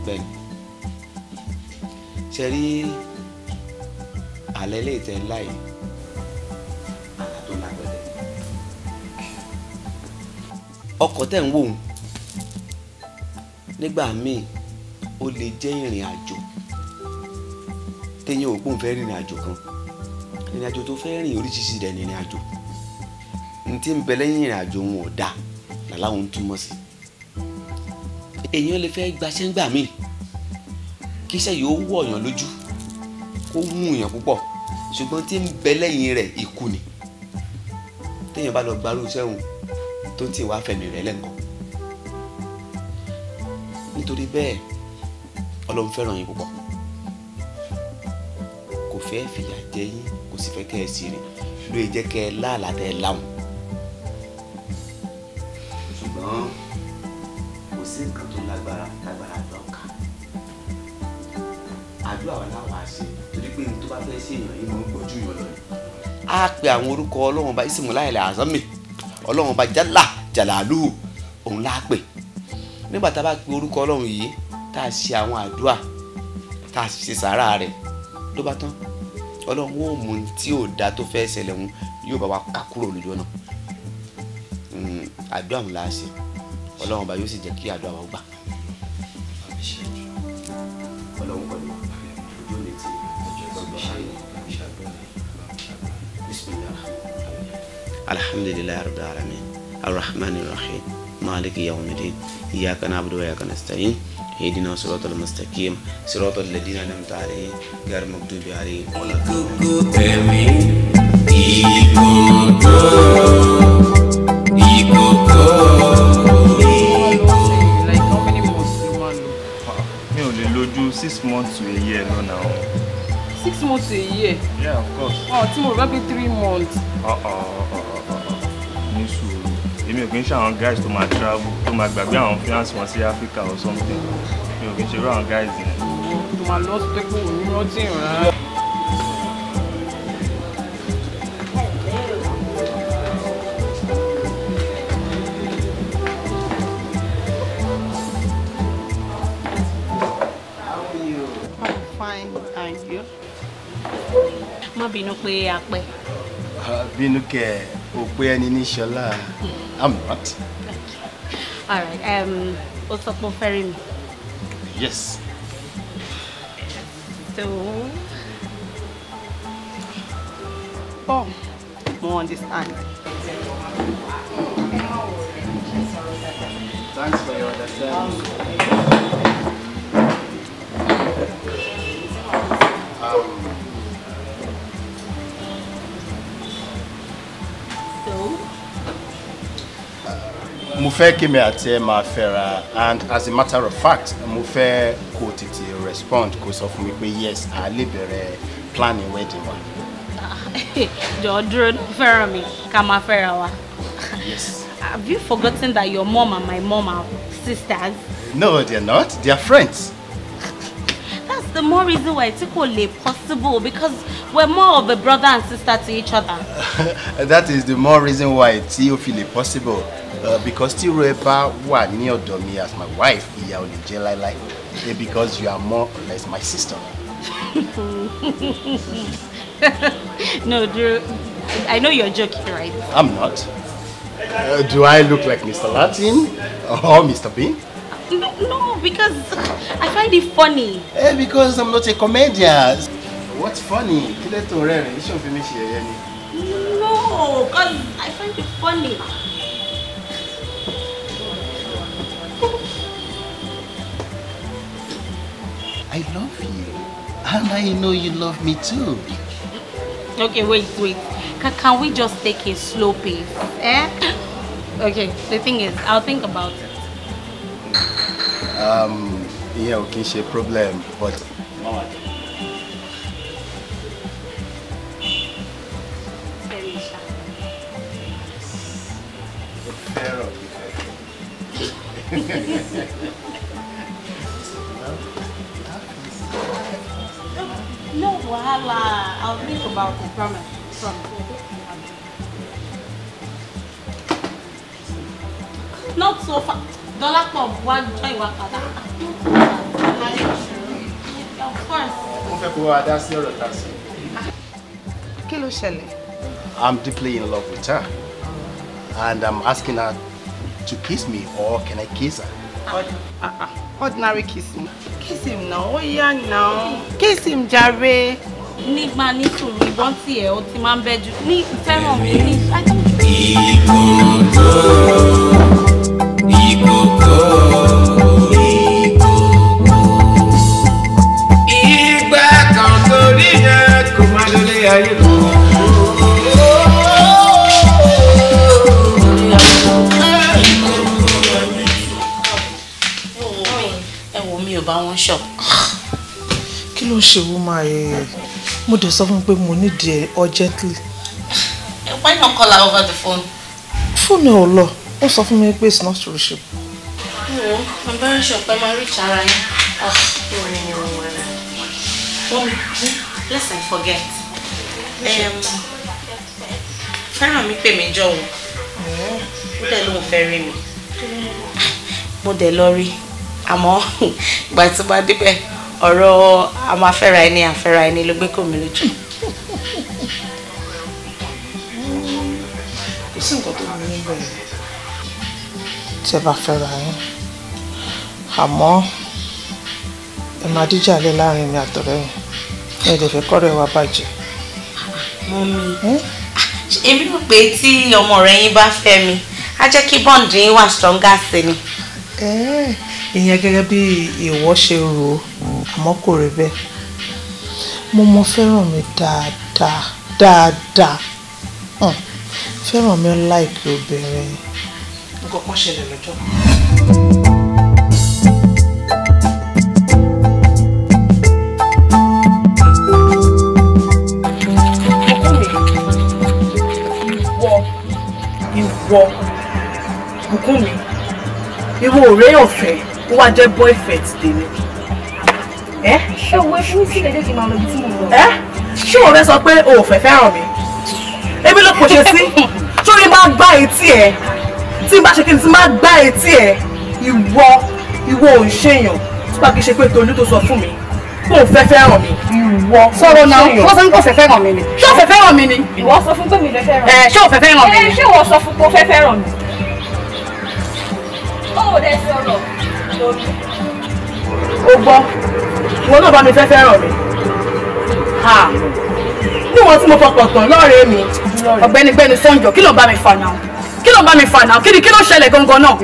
bẹ́ẹ̀ ṣe rí àlẹ́ lè tẹ láì àlá tó lágbẹ̀dẹ̀ ọkọ̀ tẹ̀ ń wò ó nígbà míì ó lè jẹ́ ìrìn àjò téèyàn ò gbóhùn rìnrìn àjò kan ìrìn àjò tó fẹ́ rìn oríṣiríṣi rẹ̀ ní ìrìn àjò ní tí ń bẹ lẹ́yìn ìrìn àjò wọn ò da làláwọn ń túmọ̀ sí èèyàn lè fẹ́ gbaṣẹ́ ńgbà míì kíṣẹ́ yóò wọ̀ yàn lójú kó mú yàn púpọ̀ ṣùgbọ́n tí ń bẹ lẹ́yìn rẹ̀ ikú ni téèyàn bá lọ gbarú sẹ́wọ̀n tó ti wá fẹ̀mí rẹ̀ lẹ́ǹkan nítorí bẹ́ẹ̀ ọlọ́run fẹ́ràn yín púpọ̀ kò fẹ́ fìyà jẹ yín kò sì fẹ́ kẹ́ ẹ sí rí ló yẹ jẹ́ kẹ́ ẹ láàlá tẹ́ ẹ láwọn. ṣùgbọ́n kò sí nǹkan tó lágbára lágbára gba ọ̀ka àdúrà wà láwọn àṣẹ torí pé ní tó bá fẹ́ ṣe èèyàn yìí mọ̀ ń gbójú yàn lọ. a pe àwọn orúkọ ọlọ́run bá ìsìnkú láìlẹ̀ àzámì ọlọ́run bá jálà jàlálù òun la pè nígbà tá a bá pe orúkọ ọlọ́run yìí tá a ṣe àwọn àdúrà tá a ṣe sàárà rẹ̀ ló bá tán ọlọ́run ó mú tí ò da tó fẹ́ ṣẹlẹ̀ ń yóò bá wa ká kúrò lójú ọ̀nà hmm, àdúrà ń la ṣe ọlọ́run bá yóò sì jẹ́ kí àdúrà wa gbà. ọlọ́run kọ́ni ojú òní ti ọgbà ṣáyé bismillah. alhamdulillahi rabbil alamin arrahmanir rahim maliki yawmiddin iyyaka na'budu wa iyyaka nasta'in. اهدنا صراط المستقيم صراط الذين أنعمت عليهم غير المغضوب عليهم ولا Six months to a year no now. Six months to a year? Yeah, of course. Oh, Timo, will be three months. Uh-oh èmi ò kí ń ṣe àwọn guys tó máa travel tó máa gbàgbé àwọn fiance wọn sí Africa or something mi ò kí ń ṣe irú àwọn guys yẹn. tó máa lọ sí tẹ́kọ̀ òun rántí ìrànlá. má bínú pé a bínú kẹ ò pé ẹni ní ṣọlá. Hmm. I'm not. All right. Um, what's up, Ferry? Yes. So. Oh, more on this end. Thanks for your attention. Um, mo fẹ́ kémi àti ẹ máa fẹ́ra and as a matter of fact mo fẹ́ kó tètè respond kó sọ fún mi pé yes a lè bẹ̀rẹ̀ planning wedding wa. [LAUGHS] jọ dúró fẹ́ràn mi ká máa fẹ́ra wa. yes. [LAUGHS] have you forgotten that your mom and my mom are sisters? no they are not they are friends. [LAUGHS] that's the more reason why tí kò possible because we're more of a brother and sister to each other. that is the more reason why it's ó possible. Uh, because tí ro ẹ bá wà ní mi as my wife ìyà ò lè jẹ́ láíláí eh, because you are more or less my sister. [LAUGHS] no Drew. I know you're joking right. I'm not. Uh, do I look like Mr. Latin or Mr. Bean? No, no, because I find it funny. Eh, because I'm not a comedian. What's funny? Kí ló tó rẹ́rìn-ín? Ṣé o fi No, because I find it funny. I love you. And I know you love me too. Okay, wait, wait. Can, can we just take a slow pace? Eh? Okay, the thing is, I'll think about it. Um, yeah, okay, she problem, but... Mama, [LAUGHS] Wahala. I'll think about it, promise. Promise. Not so far. Dollar for one joy, one father. Of course. Mo fẹ́ kó wá dá sí ọ̀rọ̀ ta I'm deeply in love with her. And I'm asking her to kiss me or can I kiss her? Uh -uh ordinary kiss him. Kiss him now, Oh yeah, now. Kiss him Jare. Nígbà nítorí ìbọn tí ẹ̀ ó ti máa ń bẹ́jú ní fẹ́ràn mi ní. Ìkòkò wọn ṣọ. kí ló ń ṣe wọ́n máa yẹ mo dẹ̀ sọ fún pé mo nídìí ẹ̀ urgently. why not call her over the phone. fóònù ẹ̀ ò lọ ó sọ fún mi pé it's not reachable. wo embarrassing ọ̀pẹ máa rí ìtara yín. wọ́n mi lest I forget. Um, fẹ́ràn mi pè mí jọ̀wọ́ mm-hmm. ó dẹ̀ lóun fẹ́ rí mi mo dẹ̀ lọ rí i àmọ́ ìgbà tí bá débẹ̀ ọ̀rọ̀ amáfẹ́ra ẹni àfẹ́ra ẹni ló gbé kò mí lójú. kò sí nǹkan tó ní bẹ̀rẹ̀ tí ẹ bá fẹ́ra yín àmọ́ ẹ máa díjà lé láàrin mi àtọ̀rẹ́ yín ẹ lè fẹ́ kọ́rọ̀ ẹ wá bàjẹ́. mo mi èmi rò pé tí ọmọ rẹ yín bá fẹ́ mi á jẹ́ kí bọ́ǹdì yín wà stronger sí ni ìyẹn gẹ́gẹ́ bí ìwọ ṣe rò ó àmọ́ kò rí bẹ́ẹ̀ mo mọ fẹ́ràn mi dáadáa dáadáa hmm, fẹ́ràn mi láìpẹ́ obìnrin nǹkan ṣẹlẹ̀ lọ́jọ́ ìwọ bùkún mi ìwọ ọ̀rẹ́ ọ̀fẹ́ kó wá jẹ́ boyfriend tèmi. ẹ ṣé òwe fún mi sí lédè kí n máa lọ ibi tí mo lọ. ẹ ṣé òwe sọ pé o ò fẹ́ fẹ́ràn mi èmi ló kò ṣe sí sórí máa gbá etí ẹ tí n bá ṣe kí n ti máa gbá etí ẹ ìwọ ìwọ ò ń ṣèyàn tí pàkì ṣe pé Tolú tó sọ fún mi kó o fẹ́ fẹ́ràn mi. ìwọ sọ̀rọ̀ náà wọ́n sọ fún kò fẹ́ fẹ́ràn mi ni. ṣé o fẹ́ fẹ́ràn mi ni. ìwọ sọ fún pé mi fẹ́ fẹ́ràn mi. ẹ ṣé o fẹ́ fẹ́ràn mi ni. ṣé ìwọ sọ fún pé o fẹ́ fẹ́ràn mi. ó ò dẹ sọ̀rọ̀ o gbọ́ ìwọ náà bá mi fẹ́ fẹ́ràn mi níwọ̀n tí mo fọkàn tán lọ́ọ̀rẹ́ mi ọ̀gbẹ́ni gbẹ́ni sọ́njọ́ kí ló ń bá mi fà náà kí ló ń bá mi fà náà kí ni kí ló ń ṣẹlẹ̀ gangan náà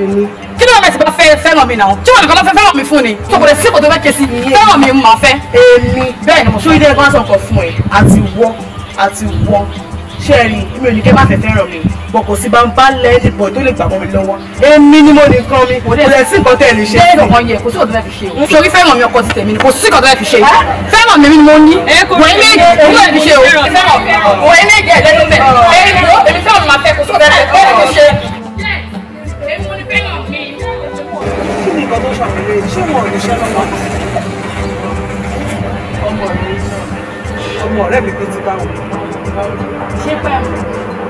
kí ló ń bá ti bá fẹ́ fẹ́ràn mi náà tí wọn nìkan ló fẹ́ fẹ́ràn mi fún ni tó kò lè sí kò tó fẹ́ ké sí fẹ́ràn mi mà fẹ́. èmi bẹ́ẹ̀ ni mo sún ilé ẹgbẹ́ sọ̀kan fún ẹ àti wọ́ àti wọ́ ṣé ẹ rí mi ò ní kẹ́ má fẹ́fẹ́ rọ̀ mi bọ̀ kò sí bá ń bá lẹ́ ní bọ̀ tó lè gbà wọ́n mi lọ́wọ́ èmi ni mo nìkan mi kò lè sí nǹkan tẹ́ ẹ lè ṣe. bẹ́ẹ̀ lọ́kàn yẹ kò sí òtún fẹ́ fi ṣe o. nítorí fẹ́ràn mi ọkọ ti tẹ̀mí ni kò sí nǹkan tó fẹ́ fi ṣe. fẹ́ràn mi ni mo ní wọ́n ilé ìjẹ́ tó fẹ́ fi ṣe o. wọ́n ilé ìjẹ́ ẹ̀dẹ́nu bẹ̀ èmi fẹ́ràn máa fẹ́ kò sí òtún fẹ́ fi ni nǹkan tó ọmọ rẹ̀ mi tó ti bá wọn ṣé pẹ́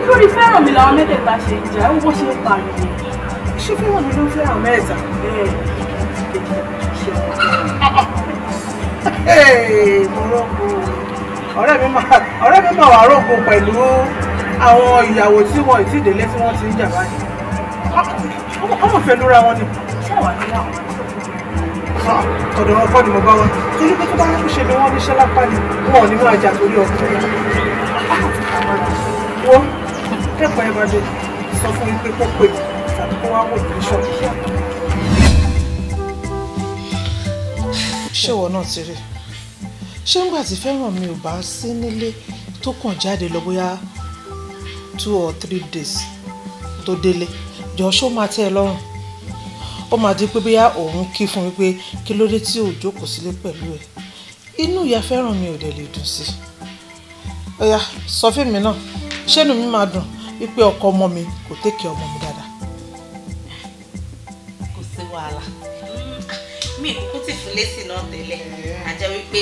lórí fẹ́ràn mi làwọn mẹ́tẹ̀ẹ̀ta ṣe ìjà ó bó ṣe ń pa mi. ṣé fẹ́ràn mi ló ń fẹ́ràn mẹ́ta. mo rọ́pò ọ̀rẹ́ mi máa ọ̀rẹ́ mi máa wà rọ́pò pẹ̀lú àwọn ìyàwó tí wọ́n ti délé tí wọ́n ti ń jà báyìí ọmọ fẹ́ lóra wọn ni. ṣé àwọn ìyàwó tọ̀dọ̀ ọkọ ni mo bá wa torí pé tó bá ń ṣe ni wọ́n ní ṣẹ́lápá ni wọn ò ní máa jà torí ọkọ wo kẹ́kọ̀ọ́ yẹn bàdé sọ fún mi pé kó pè tàbí kó wá wò ní ṣọ́ọ̀bù. ṣé ìwọ náà ti rí ṣé ńgbà tí fẹ́ràn mi ò bá sí nílé tó kàn jáde lọ bóyá two or three days tó délé jọ ṣó máa tẹ́ ẹ lọ́rùn ó máa di pé bóyá òun kí fún mi pé kí ló dé tí ò jókòó sílé pẹ̀lú ẹ̀ inú ìyá fẹ́ràn mi ò dẹ̀ lè dùn sí i ẹ̀yà sọ fún mi náà ṣé inú mi máa dùn wípé ọkọ ọmọ mi kò tẹ́kẹ̀ ọmọ mi dáadáa. kò sí wàhálà hmm. mi kúkú ti fún lẹ́sìn náà tẹ́lẹ̀ àjẹ́ eh. wípé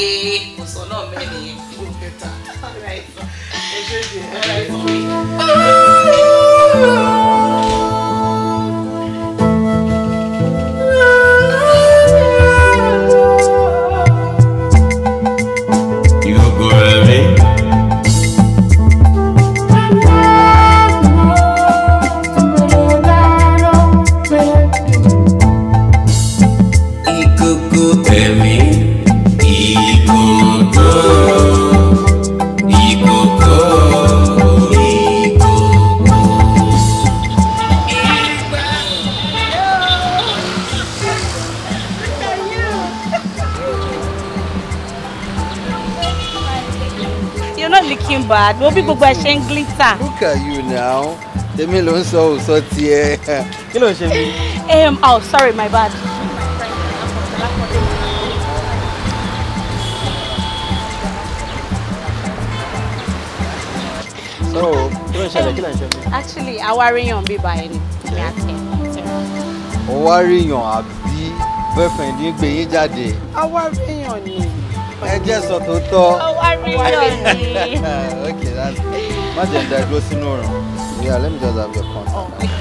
kò sọ náà mẹ́rin yẹn. ó bẹ̀ta ọ̀rẹ́ ìtàn ẹ̀ṣẹ̀ ìtàn. bad wo bí gbogbo ẹ ṣe ń glitter. look at you now tèmi ló ń sọ òsọ tiẹ̀ [LAUGHS] kí ló ń ṣe mí. Um, oh sorry my bad. so kí ló ń ṣẹlẹ̀ kí ló ń ṣe mí. Um, actually awariyan bíbá ẹni ní àtẹ. awariyan àbí boyfriend ń gbé yín jáde. awariyan ni ẹ jẹ́ sọ tó tọ́. Oh, [LAUGHS] ah, okay that's má jẹ́ yeah let me just have your contact.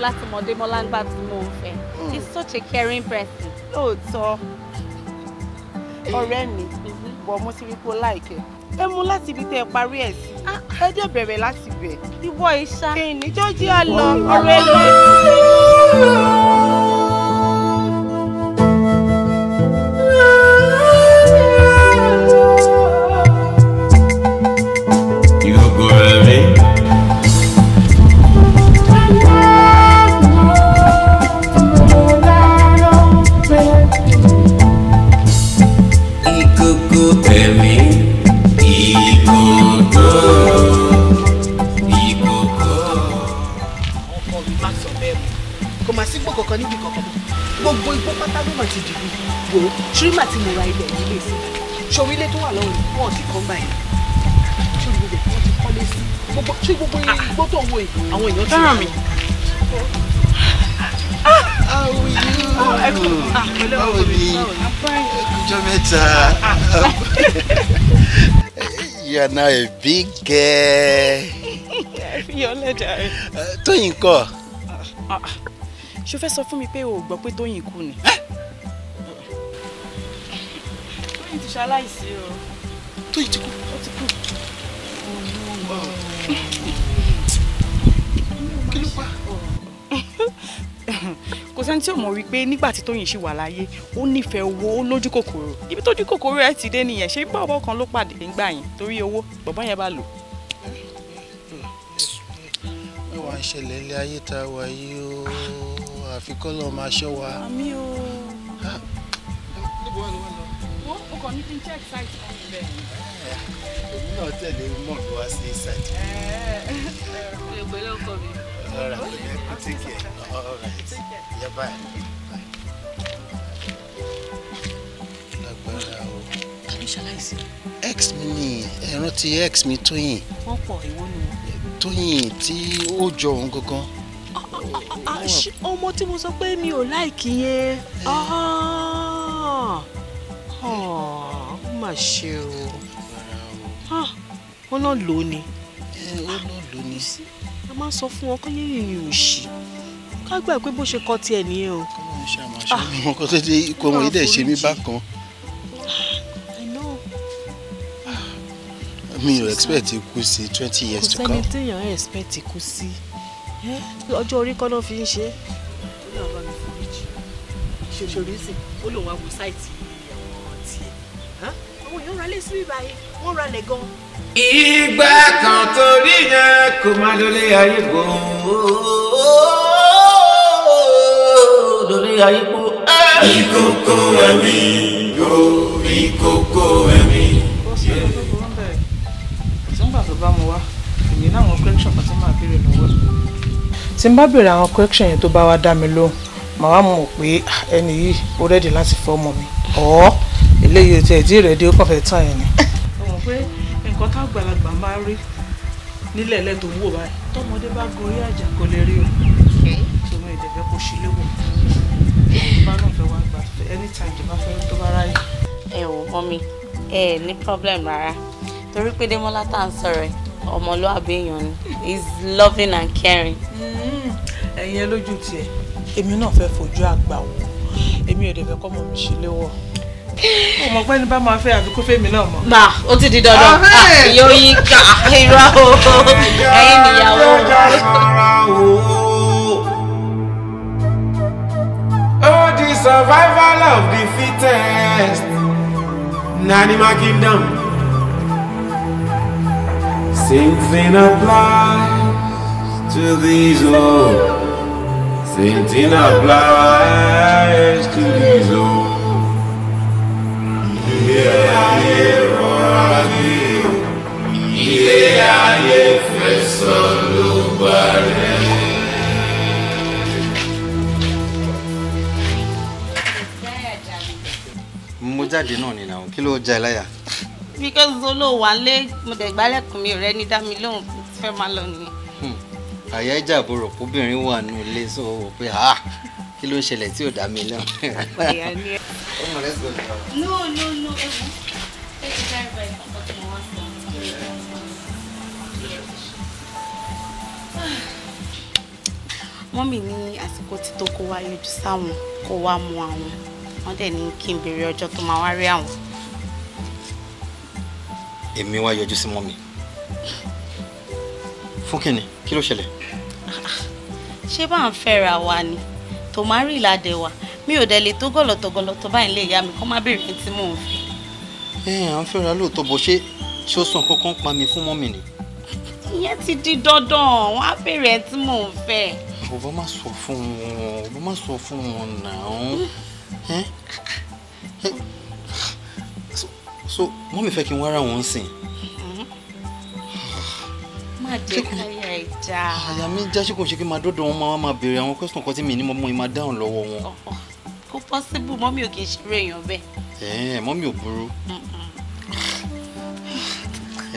láti mọ Démọ́lá nígbà hmm. she's such a caring person. lóòótọ́ eh. ọ̀rẹ́ mi bọ̀ mo ti rí pé ó láìkẹ́ ẹ mú láti ibi tẹ́ ẹ parí ẹ̀ sí ah. ẹ dẹ̀ bẹ̀rẹ̀ láti bẹ̀. ìwọ ìṣá kí ni jọ́jí ọ̀rẹ́ lọ. tágbé mà ti dìbò wò ó ṣírí mà ti mo ra ilẹ̀ yìí lè sí ṣorí ilé tó wà lọ́wọ́ rẹ̀ wọ́n ti kọ́ gbà yìí ṣorí ilé wọ́n ti kọ́lé sí gbogbo ṣé gbogbo igbó tó wo àwọn èèyàn ti rán mi. How are you? How are you? Ọjọ́ mẹ́ta. You are now a big girl. Yọ lẹ́jà rẹ̀. Tóyìn kọ́. Ah, ah. Ṣo fẹ́ sọ fún mi pé o ò gbọ́ pé Tóyìn kú ni? ti ṣaláìsí o. tó yìí ti kú. ó ti kú. kí ló pa. [LAUGHS] kò sẹ́ni tí ò mọ̀ wípé nígbà tí Tóyìn ṣì wà láyé ó nífẹ̀ẹ́ owó ó lójú kòkòrò ibi tójú kòkòrò ẹ̀ ti dé nìyẹn ṣé bọ́ọ̀bọ̀ kan ló pàdé nígbà yẹn torí owó bọ̀bọ́n yẹn bá lò. mẹ́wàá ń ṣẹlẹ̀ ilé ayé tá a wà yìí o àfikọ́ lọ́ọ́ máa ṣọ́ wa. àmì o. Ah, níbo wà ló wà ní kàn ní kí n check site kan níbẹ̀. èmi náà tẹ̀lé mọ̀ ló wá sí site. ègbè ló mi. ọ̀rọ̀ àpẹẹrẹ kò tẹ̀kẹ̀ ọ̀rọ̀ yẹ báyìí. ṣaláìsí. mi ni ẹran ti ex mi tóyìn. tóyìn tí ó jọ òun gangan. Ah, ah, ah, ọmọ tí mo sọ pé mi ò láìkì yẹn. Eh ó mà ṣe o wọn náà lò ó ni. wọn náà lò ó ni. a máa sọ fún wọn kó yé èèyàn òṣì ká gbà pé bó ṣe kọ tiẹ̀ nìyẹn o. kí wọ́n ṣe àmọ́ ṣe mọ́ ah. tó dé ikọ̀ wọn yìí dẹ̀ ṣe mí bákan. Ah, mi ò expect ikú sí twenty years to come. kò sẹ́ni téèyàn expect ikú sí ọjọ́ orí kan náà fi ń ṣe ṣòṣòrí sí ó lòun á wo sáìtì yìí èèyàn ra lé síbí báyìí wọ́n ra lẹ̀ gan. ìgbà kan torí yẹn kò má lólé ayé gbò lórí ayé gbò. ìkókó ẹ̀mí yóò ìkókó ẹ̀mí. nígbà tó bá mu wá èmi náà àwọn kẹ́kṣọ̀n kan tí màá béèrè lọ́wọ́ tí n bá béèrè àwọn kẹ́kṣọ̀n yẹn tó bá wá dá mi lóhùn màá wá mọ̀ pé ah, ẹni yìí ó rẹ́dì láti fọ́ ọmọ mi ọ̀ọ́ eléyìí ò tiẹ̀ tí rédíò kọ̀ tán yẹn ni. ó pé nǹkan tágbàlagbà máa rí nílẹ̀ ẹlẹ́ wò báyìí tọmọdé bá gorí àjà kò lè rí o ṣùgbọ́n ìdẹ̀fẹ́ kò ṣí léwò bá náà fẹ́ wá gbà anytime tó bá fẹ́ tó bá ráyè. ẹ wò mọ́mí ẹ ní problem rárá torí pé Démọ́lá tá à ń sọ̀rọ̀ ẹ̀ ọmọlúwàbí èèyàn ni he's loving and caring. Hmm, ẹ̀yin ẹ lójú tiẹ̀ èmi náà fẹ́ fojú àgbà wò èmi ò dẹ̀ fẹ́ kọ́ mọ̀ mi ṣe léwọ̀ ọmọ pẹ́ni bá máa fẹ́ àfikún fèmí náà mọ́. gbà ó ti di dandan àyè oyin ká irọ́ o ẹ̀yin nìyàwó o. Oh, the survival of the fittest na animal kingdom same thing applies to these old same thing applies to these old ayé rọra jáde náà ni náà kí ló já ẹ láyà. because zolo wà lé mo dẹ̀ gbálẹ̀kùn mi rẹ ní dá mi lóhùn fẹ́ máa lọ nìyẹn. Hmm. àyà ìjà àbúrò obìnrin wà nù ilé sọ wò pé ah, kí ló ń ṣẹlẹ̀ tí ò dá mi lọ. Come on, let's go now. No, no, no, Ewu. Eh, eh. Take the drive by ọkọ̀ tí mo wá sọ. Mọ́mì ní àsìkò tí tó kó wá yọjú sáwọn kó wá mú àwọn. Wọ́n dẹ̀ ní kí n béèrè ọjọ́ tó máa wá rí àwọn. Èmi wá yọjú sí mọ́mì. Fún kí Kí ló ṣẹlẹ̀? [LAUGHS] Ṣé bá ń fẹ́ra wa ni? Tòmárì ládẹ mi ò dẹ̀ lè tó gọ̀lọ̀tọ̀gọ̀lọ̀ tó báyìí lè yá mi kó má béèrè pé tí mò ń fi. ẹ ẹ à ń fẹ́ra lóòótọ́ bó ṣe ṣé ó sàn kankan pa mi fún mọ́mì ni. ìyẹn ti di dandan wọn á béèrè ẹ tí mò ń fẹ́. bàbá má sọ fún wọn bàbá má sọ fún wọn náà so mọ́mì fẹ́ kí n wá ra wọn sìn. má jẹ́ káyà ẹ̀ já. àyà mi já ṣé kò ṣe kí n máa dọ́dọ̀ wọn máa máa béèrè àwọn question kan tí mi ní mo mú máa dáhùn lọ́wọ́ wọn kò pọ́síbù mọ́mí ò kì í ṣeré èèyàn bẹ́ẹ̀. ẹ̀ẹ́n mọ́mí ò burú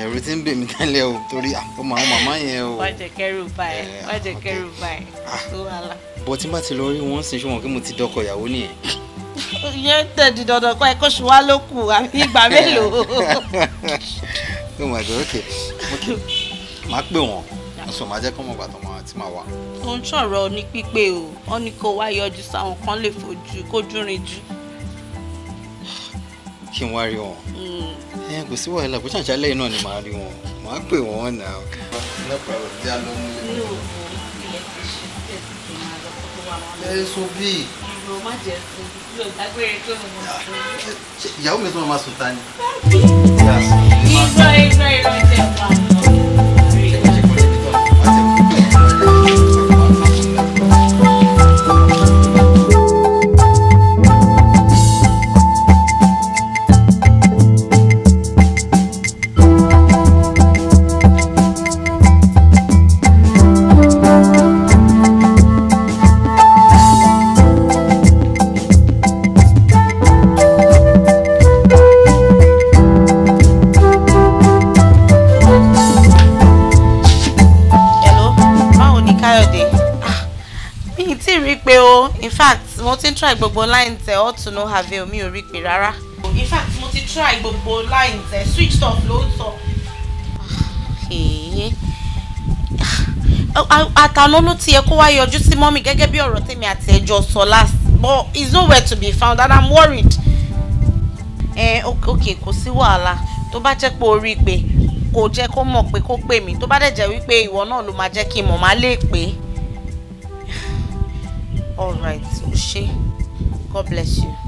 ẹ̀rù tí ń bè mí tẹ́lẹ̀ o torí àpọ̀mọ̀ àwọn màmá yẹn o. wọ́n jẹ kẹ́rù báyìí wọ́n jẹ kẹ́rù báyìí tó wà lá. bọ́ tí bá ti lọ rí wọn sì ṣùgbọ́n kí mo ti dọkọ ìyàwó nìyẹn. yẹn tẹ̀dí dandan kọ́ ẹ kó ṣùwá ló kù àbí ìgbà mélòó. ó [LAUGHS] oh máa [LAUGHS] jẹ́ kọ́ mọ̀ bàtọ́ mọ́ ti máa wà. ó ń ṣọ̀rọ̀ ní pípé o wọ́n ní kó wá yọjú sáwọn kan lè fojú kójú rin jù. kí n wá rí wọn hmm. kò sí wàhálà kó ṣàǹṣà lẹ́yìn náà ni màá rí wọn màá pè wọ́n náà. lọ́pàá rẹ̀ bí a lọ nílé. ẹ sọ bíi ìyàwó mi tó máa sùn ta ni. ìgbà ìgbà ìrọ̀lẹ́ wa. try gbogbo line tẹ all no avail mi ò rí pé rárá. in fact mo ti try gbogbo line tẹ switch off ló ń sọ. àtàná ló ti yẹ kó wá yọjú sí mọ́mí gẹ́gẹ́ bí ọ̀rọ̀ tèmi àti ẹjọ́ sọ last but it's nowhere to be found and i'm worried. ẹ ok kò sí wàhálà tó bá jẹ́ pé o rí i pé kò jẹ́ kó mọ̀ pé kó pè mí tó bá dẹ̀ jẹ́ wípé ìwọ náà ló máa jẹ́ kí n mọ̀ máa lè pè é. all right o ṣe. God bless you.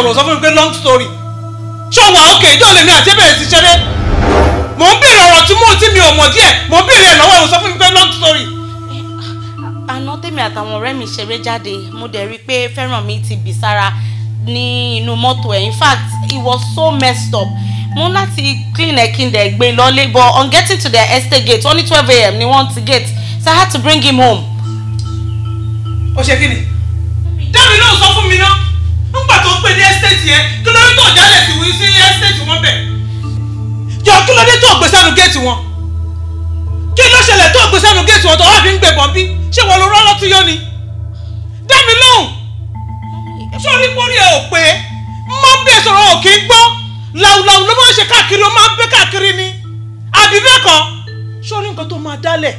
sọ̀rọ̀ sọ fún mi pé long story ṣọwọ́n òkè ìdóòlè ní àjẹbẹ̀rẹ̀ ti ṣẹlẹ̀ mò ń béèrè ọ̀rọ̀ tí mò ń tí mi ò mọ̀ díẹ̀ mò ń béèrè ẹ̀ lọ́wọ́ ẹ̀ sọ fún mi pé long story. àná tèmi àtàwọn ọ̀rẹ́ mi ṣeré jáde mo dẹ̀ rí i pé fẹ́ràn mi ti bì sára ní inú mọ́tò ẹ̀ in fact it was so messed up mo láti clean ẹ̀ kí n dẹ̀ gbé e lọ́lé but on getting to their estate gate only twelve a.m. ni wọ́n ti gate so I had to bring him home. ó ṣe kí ni. géètì yẹn kí ló dé tó jálẹ̀ sí wí sí ẹ́sítéètì wọn bẹ̀. jọ kí ló dé tó gbé sẹ́nu géètì wọn kí ló ṣẹlẹ̀ tó gbé sẹ́nu géètì wọn tó wà fi ń gbẹ̀bọ̀n bí ṣé wọn ló rán lọ́tún yọ ni. dá mi lóhùn sórí mórí ẹ ò pé máa ń bẹ̀ sọ̀rọ̀ ò kí ń gbọ́ làwùlàwù ló máa ń ṣe káàkiri ó máa ń bẹ́ káàkiri ni àbí bẹ́ẹ̀ kọ́ sórí nǹkan tó máa dálẹ̀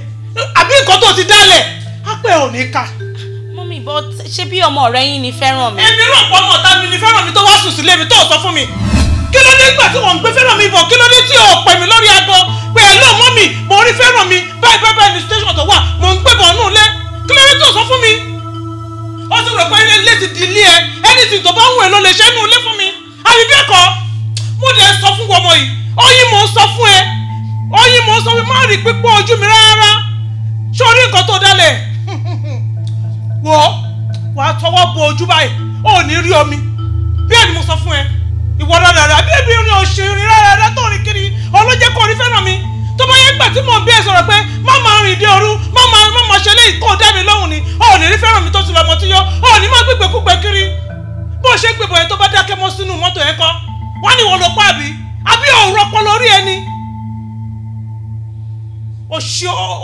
àbí nǹkan tó ti dálẹ̀ á pẹ́ ò ká but ṣé bí ọmọ rẹ yín ni fẹ́ràn mi. èmi rò pọ̀ ọmọ ọ̀tá mi ni fẹ́ràn mi tó wá sùn sílé mi tó sọ fún mi kí ló dé nígbà tí wọ́n ń gbé fẹ́ràn mi bọ̀ kí ló dé tí o pè mí lórí aago pé ẹ lóò mọ́ mi mo rí fẹ́ràn mi báyìí báyìí báyìí ní station tó wà mo ń gbé bọ̀ nù lé kí ló dé tí o sọ fún mi. ó ti rò pé ilé ilé ti di ilé ẹ ẹni tí tó bá ń wẹ̀ ló lè ṣe nù ilé fún mi àbí bẹ́ẹ̀ kọ́ mo dẹ̀ sọ fún ọmọ yìí ọyìn mo sọ fún ẹ ọyìn mo sọ wò ó wà á tọwọ́ bo ojú báyìí ó ní rí omi bẹ́ẹ̀ ni mo sọ fún ẹ ìwọ lọ́dọọdọ bí ebi rin òṣè rin rárá tó rìn kiri ọlọ́jẹ́ kò rí fẹ́ràn mi tó bá yẹ gbà tí mò ń bí ẹ sọ̀rọ̀ pé má máa rìn dé òru má máa má máa ṣe léyìí kó dá mi lóhùn ni ó ní rí fẹ́ràn mi tó ti lọ́mọ tí yọ ó ní má gbégbé kúgbẹ́ kiri bó ṣe gbébọn yẹn tó bá dákẹ́ mọ́ sínú mọ́tò yẹn kọ́ wọ́n ní wọ́n lọ pa àbí àbí òòrọ̀ pọ̀ lórí ẹni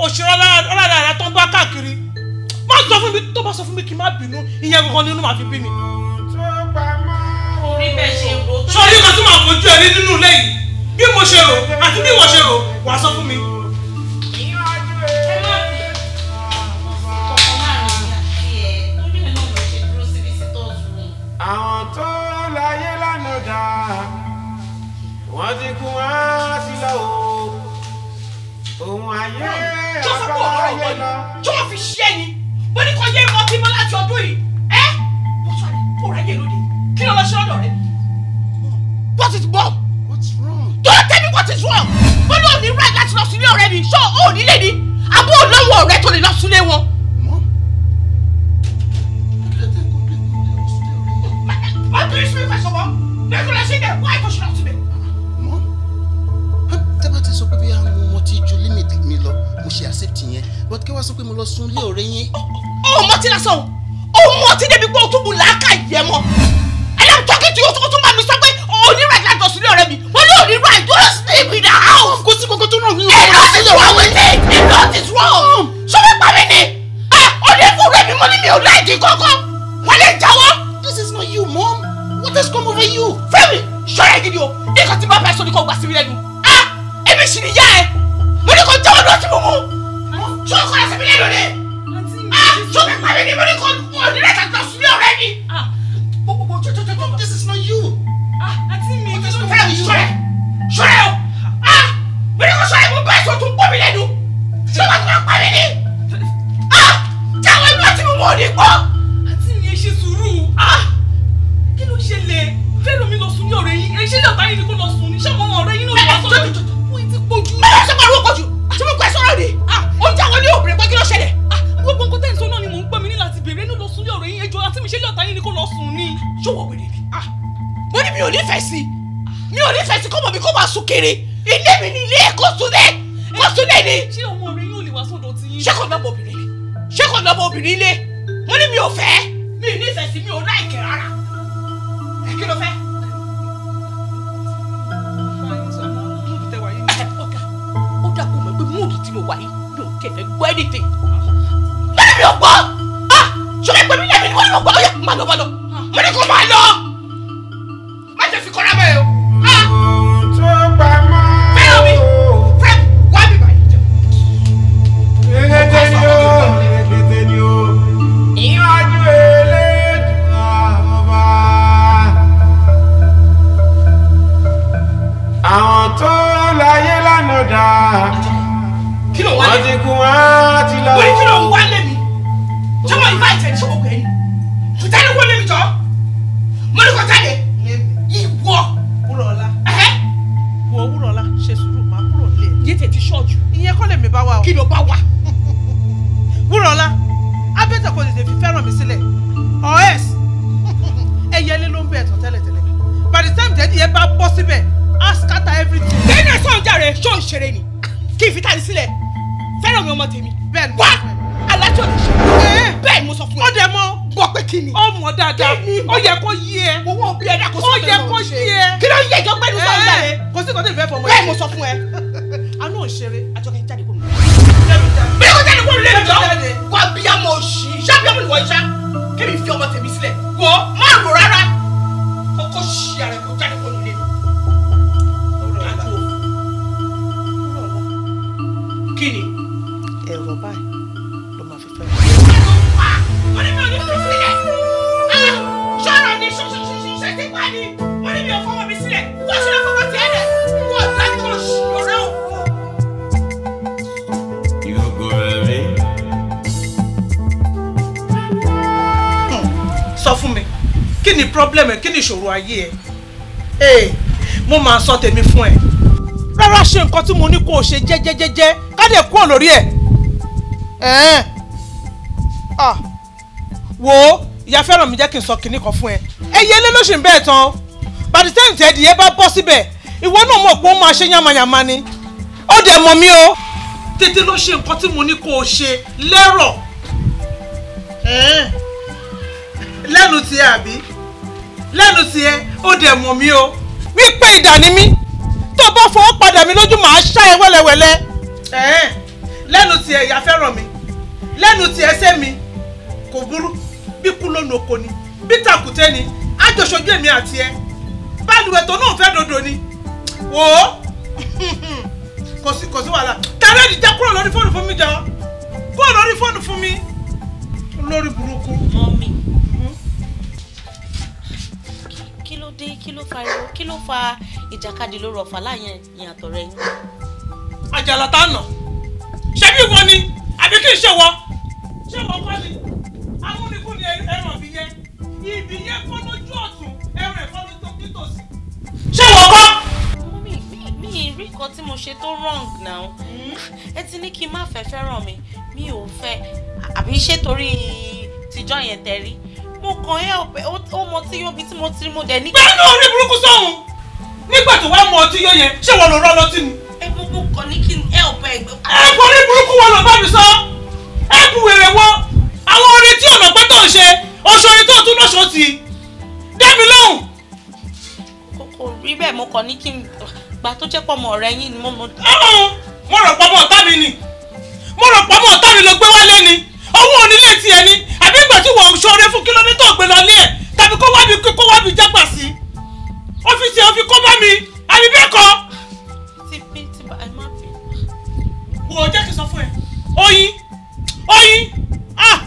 òṣèré ọ̀làdàdà tó ń bá káàkiri má sọ fún mi tó bá sọ fún mi kí n má bínú ìyẹn kankan nínú màá fi bí mi. orí bẹ́ẹ̀ ṣe máa fojú ẹni nínú ilé bí mo ṣe rò àti bí ìwọ ṣe rò wàá sọ fún mi. àwọn tó láyé lánàá dá wọ́n ti kú wá sí lọ́wọ́ ohun ayé àbáyé lọ. jọ́ọ́ fi ṣẹ́ ni mo ní kò yé mọ tí mo láti ọdún yìí ẹ mo sọ rẹ mo ráyè lóde kí ló lọ sí ọ̀dọ̀ rẹ. what is wrong. what's wrong. don't tell me what is wrong. mo ní òní right láti lọ sílé ọ̀rẹ́ mi ṣó o ò nílé ni àbó olówó ọ̀rẹ́ tó lè lọ sílé wọn. What do you speak, first of all? Regular singer, why does she not speak? tẹ́ bá ti sọ pé bí a mú ọtí ju limit mi lọ mo ṣe accept yẹn but kí wàá sọ pé mo lọ sun ilé ọ̀rẹ́ yín. ó mọ ọtí lásán o ó mú ọtí débi pé o tún bu làákà yẹ mọ and I'm talking to you o tún bá mi sọ pé onírà ìlàjọ sí ilé ọ̀rẹ́ mi wọ́n ní onírà ìjọ sleep in the house. kò sí kókó tó ràn mí o. ẹ lọ́ọ̀tì ló wá wẹ́lẹ̀ ẹ lọ́ọ̀tì wrong. sọ hmm. fẹ́ pa mí ni ó ní fún rẹ̀ mi mo ní mi ò láì di kọ́kọ́ wọ́n lè jáwọ́. this is not you mom what has come over you. Fẹ́mi ṣọ́ra ẹ gidi o nǹkan tí bá fẹ́ sọ ni kò gbà sí mi èmi sì ní yá ẹ mo ní kò jẹ́wọ́ ní ọtí mímu tí o kọ́ra síbi lẹ́nu ni tí o fi pàmì ní mo ní kò ọ̀nìyàn tàbí ọ̀sùn ní ọ̀rẹ́ mi. This is not you. Ah, àti mi. Mo ti sọ fẹ́ràn mi sọ̀rọ̀. ni problem ẹ kí ni ìṣòro ayé ẹ ee eh, mo máa sọ tèmi fún ẹ rárá ṣe nǹkan tí mo ní kó o ṣe jẹ́jẹ́jẹ́jẹ́ ká dẹ̀ kúrò lórí ẹ̀ ah wo ìyá fẹ́ràn mi jẹ́ kí n sọ kinní kan fún ẹ ẹyẹ ilé ló ṣì ń bẹ́ẹ̀ tán bàtìtẹ́ǹtì ẹ̀dìyẹ bá bọ́ síbẹ̀ ìwọ náà mọ̀ pé ó máa ṣe yánmayànma ni ó dẹ̀ mọ̀ mí o tètè ló ṣe nǹkan tí mo ní kó o ṣe lẹ́rọ̀ lẹ́nu ti àbí lẹ́nu tiẹ̀ ó dẹ̀ mọ̀ mí o. wípé idà ni mí tó bá fọwọ́ padà mi lójú màá ṣá ẹ wẹ́lẹ́wẹ́lẹ́. ẹ̀ẹ́n lẹ́nu tiẹ̀ ìyá fẹ́ràn mi lẹ́nu tiẹ̀ ṣé mi kò burú bí kú lónìí oko ni bí tàkùtẹ́ ni àjọṣojú èmi àti ẹ báluwẹ̀ tó náà fẹ́ dodo ni wò ó [LAUGHS] kò sí kò sí wàhálà tààrà ìdíjà kúrò lórí fóònù fún mi jọ kúrò lórí fóònù fún mi lórí burúkú. dé kí ló fa irun kí ló fa ìjàkadì ló rọ̀fà láàyè ìyìn àtọ̀rẹ́ yín. àjàlá tá a nà ṣé bí wọ́n ni àbí kí n ṣe wọ́ ṣé wọ́n kọ́ ni amúnikú ẹran mi yẹ ibi yẹn kọ́ lójú ọ̀tún ẹran ẹ̀kọ́ ló tó nítòsí. ṣé wọ́n kọ́. mi mi rí nǹkan tí mo ṣe tó wrong now hmm? ẹ ti ní kí n má fẹ́ fẹ́ràn mi mi ò fẹ́ àbí ṣé torí tìjọ́ yẹn tẹ̀rí mo kàn ẹ́ ọ̀pẹ ó mọ tí yóò bí tí mo ti rí mo dẹ̀ ní. bẹ́ẹ̀ náà rí burúkú sọ́hun nígbà tó wá mọ ọtí yóò yẹn ṣé wọn lọ rọ lọtí ni. ẹ gbogbo kàn ní kí ẹ ọ̀pẹ ẹgbẹ́. ẹ kò rí burúkú wọn lọ bá mi sọ ẹ bu wèrè wọn àwọn orin tí ọ̀nà pẹ́ tó ṣe oṣù orin tó tún lọ́ṣọ́ ti dá mi lóhùn. kò rí bẹ́ẹ̀ mo kàn ní kí n gbà tó jẹ́ pọ̀mọ̀ rẹ yín ni mo mọ. mo rò pọ̀mọ̀ ọ̀tá mi ni mo rò pọ̀mọ̀ ọ̀tá mi ló gbé wálé ni owó onílé tiẹ̀ ni àbí ìgbà tí wọ́n ṣoore fún kílódé tó gbé lọ ní ẹ̀ tàbí kó wábi kó wábi jágbà sí i ó fi ṣe ó fi kó bá mi àbí bẹ́ẹ̀ kọ́. ti pín tí bá ẹ má pín. wò ó jẹ́ kí n sọ fún ẹ oyin oyin ah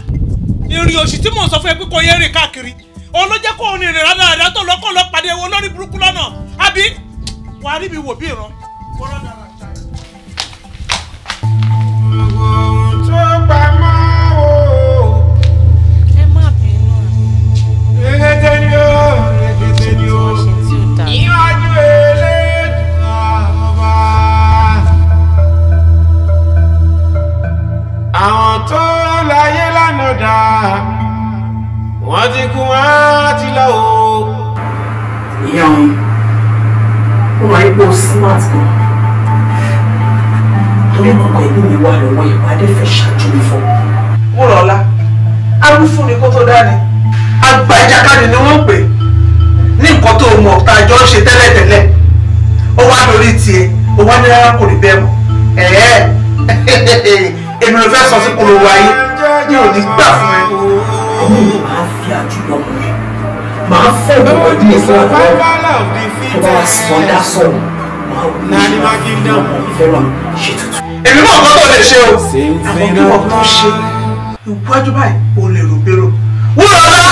ìrìn òṣì tí mò ń sọ fún ẹ pé kò yẹ rìn káàkiri òun ló jẹ́ kó òun rìn rádaràdà tó lọ́kọ̀ lọ́ pàdé ewu olórí burúkú lọ́nà àbí wàá rí mi wò bí ìran. gbogbo ohun tó pamọ́. dáadáa wọ́n ti kú wá ti lọ o. ìyá òun ó máa ń gbọ́ smart gan torí kọ̀ọ̀kan inú mi wà lọ́wọ́ ìpàdé fẹ́ ṣáájú mi fọ́. wúrọ̀lá arúfún ni kó tó dá ni àgbà ìjàkadì ni wọ́n pè ní nǹkan tó mọ̀ tá a jọ ń ṣe tẹ́lẹ̀tẹ́lẹ̀ ó wá lórí tiẹ̀ ó wá ní rárá kò ní bẹ́ẹ̀ mọ̀ ẹ̀ẹ́ [LAUGHS] èmi ló fẹ́ sọ sí polówó ayé mi ò ní gbà fún ẹ. ọmọ máa fi àjùlọ mọ ẹ máa fọ òkòkò díẹ̀ fún ọkọ rẹ ọba sọdá sọ̀rọ̀ máa wù ní ìfẹ́ ọmọ ìfẹ́ wa ṣe tuntun. èmi náà gbọ́dọ̀ lè ṣe o. àwọn kí wọ́n kọ́ ṣe ìwájú báyìí o lè rò bérò. wúrọ̀ ọ̀la.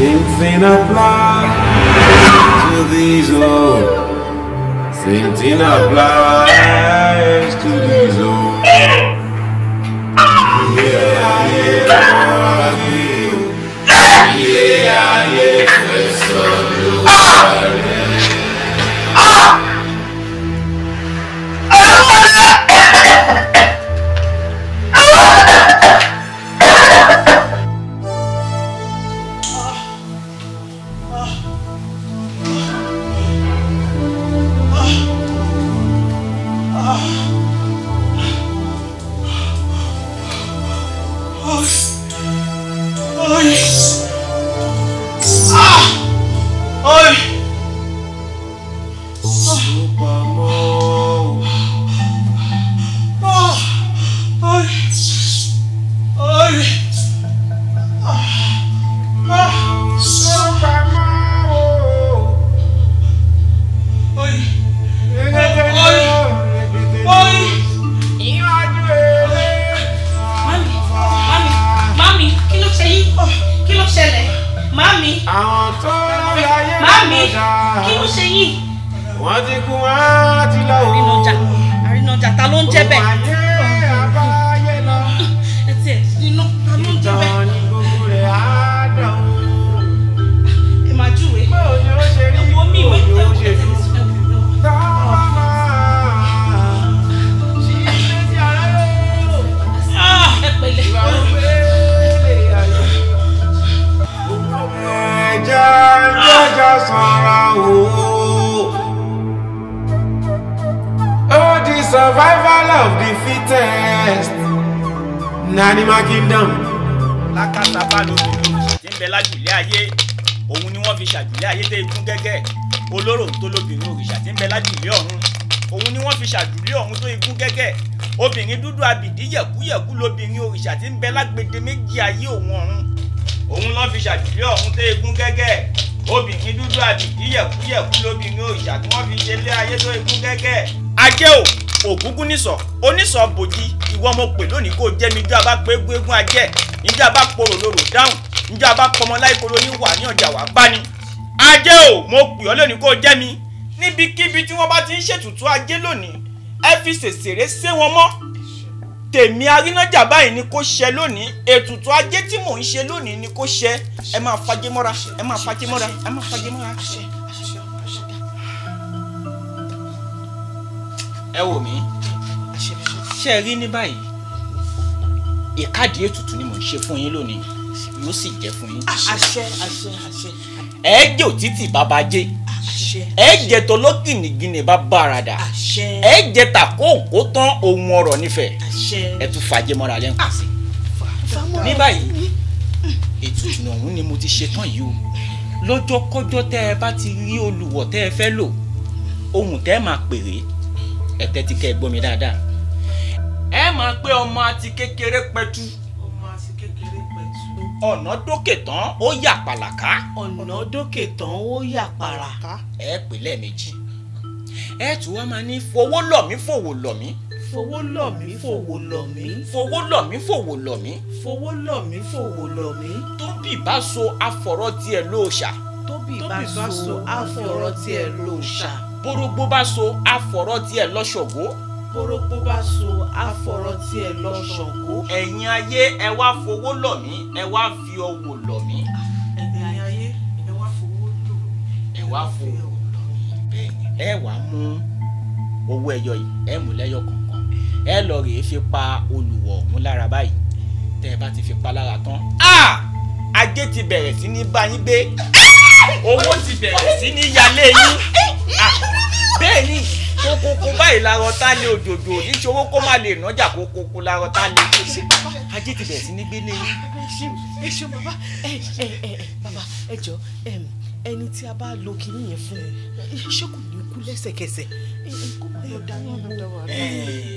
Same thing applies to these Painting up lies to the old Yeah, yeah, yeah Yeah, yeah, yeah. a blue ayé òun ọ̀run òun lọ́ fi ṣàdúrà ọ̀hún tẹ́ egun gẹ́gẹ́ obìnrin dúdú àbìdí yẹ̀kúyẹ̀kú lóbìnrin òòṣà tí wọ́n fi ṣe lé ayé tó egun gẹ́gẹ́. ajé o ògúngún nìsọ onísọ bòjì ìwọ mo pè lónìí kó jẹ́ mi jọ abá pé egun egun ajẹ́ níjẹ́ abá poro lòrò dáhùn níjẹ́ abá pọmọ láìkoro ní wà ní ọjà wà bá ni. ajé o mo pè ọ́ lónìí kó jẹ́ mi níbikíbi tí wọ́n bá ti ń ṣètùtù ajé lónìí ẹ fi ṣèṣèré sé wọn mọ́ tèmi arínájà báyìí ni kò ṣe lónìí ètùtù ajé tí mò ń ṣe lónìí ni kò ṣe ẹ máa fagé mọ́ra ẹ máa fagé mọ́ra ẹ máa fagé mọ́ra. ẹ wò mí ṣe rí ní báyìí ìkádì ètùtù ni mò ń ṣe fún yín lónìí yóò sì jẹ́ fún yín. ẹ jẹ́ òtítì bàbá jẹ́ ẹ jẹ tọlọgìnìgìnì bá bára dà ẹ jẹ tàkóòkó tán ohun ọ̀rọ̀ nífẹ̀ẹ́ ẹ tún fàájẹ mọ́ra lẹ́nkù ah, ní báyìí ètùtù ọ̀hún ni mo ti ṣe tán yìí o lọ́jọ́kọ́jọ́ tẹ́ ẹ bá ti rí olùwọ̀ tẹ́ ẹ fẹ́ lò ohun tẹ́ ẹ máa pèrè ẹ tẹ́tí kẹ́ ẹ gbọ́ mi dáadáa ẹ máa pé ọmọ àti kékeré pẹ̀tù ọ̀nà dókè tán ó yà pàlàkà. ọ̀nà dókè tán ó yà pàlàkà. ẹ pè lẹ́ẹ̀mejì ẹ tún wá máa ní fowó lọ̀ mí fòwò lọ̀ mí fowó lọ̀ mí fòwò lọ̀ mí. fowó lọ̀ mí fòwò lọ̀ mí. fowó lọ̀ tóbi bá so afọ̀rọ̀ tiẹ̀ lóòṣà. tóbi bá so afọ̀rọ̀ tiẹ̀ lóòṣà. borógbó bá so afọ̀rọ̀ tiẹ̀ lọ́ṣọ̀gbó bórópó bá so àfọ̀rọ̀ tiẹ̀ lọ ṣọ̀gbó. ẹ̀yin ayé ẹ wá fowó lọ̀ mí ẹ wá fi ọwọ́ lọ̀ mí. ẹ̀yin ayé ẹ wá fowó lọ̀ ẹ wá fowó lọ̀ mí ẹ wá mú owó ẹyọ yìí ẹ mú lẹ́yọ kọ̀ọ̀kan ẹ lọ rèé fi pa olùwọ̀ ọ̀hún lára báyìí tẹ́ ẹ bá ti fi pa lára tán. ajé ti bẹ̀rẹ̀ sí ní bá yín gbé owó ti bẹ̀rẹ̀ sí ní yálé yín bẹ́ẹ̀ ni kókókó báyìí la rọta lé òjòjò níṣòro kó má lè nájà kókókó la rọta lé kó sí ajé ti bẹ̀rẹ̀ sí ní gbélé. ẹ ṣeun bàbá ẹ ẹ ẹ bàbá ẹ jọ ẹni tí a bá lo kinní yẹn fún un ṣé kò ní kú lẹ́sẹ̀kẹsẹ̀ kó má yọ dáná lọ́wọ́ rẹ.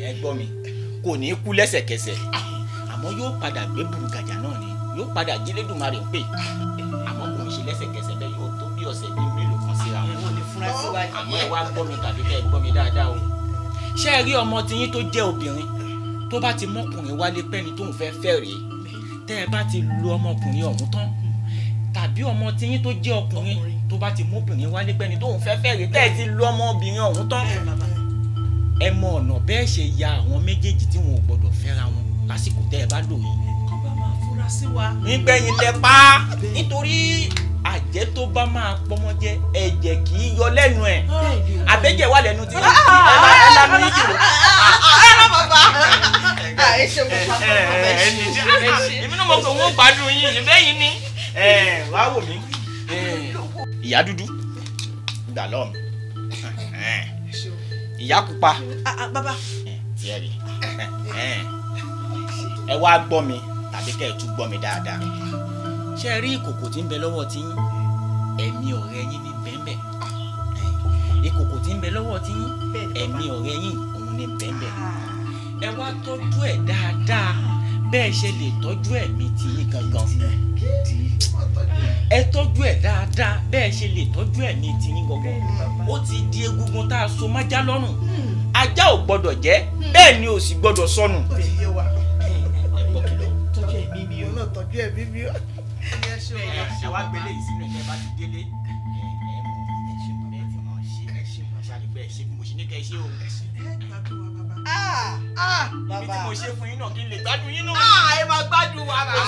ẹ gbọ́ mi kò ní kú lẹ́sẹ̀kẹsẹ̀ àmọ́ yóò padà gbé burúkàjà náà ni yóò padà jílédùmarè ń pè àmọ́ kò ń ṣe lẹ́sẹ̀kẹsẹ̀ bẹ́ẹ̀ yóò tó bí ọ̀sẹ̀ bíi múra síwájú. àmọ́ ẹ wá gbọ́ mi tàbí kẹ́ ẹ gbọ́ mi dáadáa o. ṣé ẹ rí ọmọ tiyín tó jẹ́ obìnrin tó bá ti mọ́kùnrin wálé pẹ́ni tóun fẹ́ fẹ́ rèé tẹ́ ẹ bá ti lu ọmọkùnrin ọ̀hún tán tàbí ọmọ tiyín tó jẹ́ ọkùnrin tó bá ti mọ́kùnrin wálé pẹ́ni tóun fẹ́ fẹ́ rèé tẹ́ ẹ ti lu ọmọbìnrin ọ̀hún tán ẹ mọ ọ̀nà bẹ́ẹ̀ ṣe ya àwọn méjèèjì tí wọn ò gbọ́dọ̀ fẹ́ra wọn lásìkò tẹ́ ẹ bá lò yìí. kọ́ bá máa fura sí wa. nígbẹ̀yìn lẹ pa nítorí àjẹ́ tó bá máa pọ́mọ jẹ́ ẹ̀jẹ̀ kì í yọ lẹ́nu ẹ̀ àbẹ́jẹ̀ wà lẹ́nu tí ẹ lánú yìí jùlọ. èmi náà mo kò wọ́n gbádùn yín níbẹ̀ yìí ni wá wò mí. ìyá dúdú gbà lọ́ọ̀ mi ìyá pupa. bàbá ẹ wá gbọ́ mi tàbí kẹ́ ẹ tún gbọ́ mi dáadáa ṣe rí ìkòkò tí ń bẹ lọ́wọ́ tí yín ẹ̀mí ọ̀rẹ́ yín ní bẹ́ẹ̀bẹ́ ìkòkò tí ń bẹ lọ́wọ́ tí yín ẹ̀mí ọ̀rẹ́ yín òun ní bẹ́ẹ̀bẹ́ ẹ wá tọ́jú ẹ̀ dáadáa bẹ́ẹ̀ ṣe lè tọ́jú ẹ̀mí ti yín gangan ẹ tọ́jú ẹ̀ dáadáa bẹ́ẹ̀ ṣe lè tọ́jú ẹ̀mí ti yín gangan ó ti di egungun tá a so májá lọ́rùn hmm. ajá ò gbọ́dọ̀ jẹ́ hmm. bẹ́ẹ̀ ni ò sì gbọ́dọ̀ sọnù. ẹ gbọ́ kìlọ̀ tọ́jú ẹ̀mí mi o ẹ wá gbélé ìsinú ẹ bá ti délé ẹ ẹ mọ ẹ ṣe bàbá ẹ ti mọ ṣe ẹ ṣe ṣàlùpẹ ẹ ṣe bí mo ṣe ní kẹ ṣe o. ibi tí mo ṣe fún yín náà kí n lè gbádùn yín náà. ẹ máa gbádùn wa bàbá.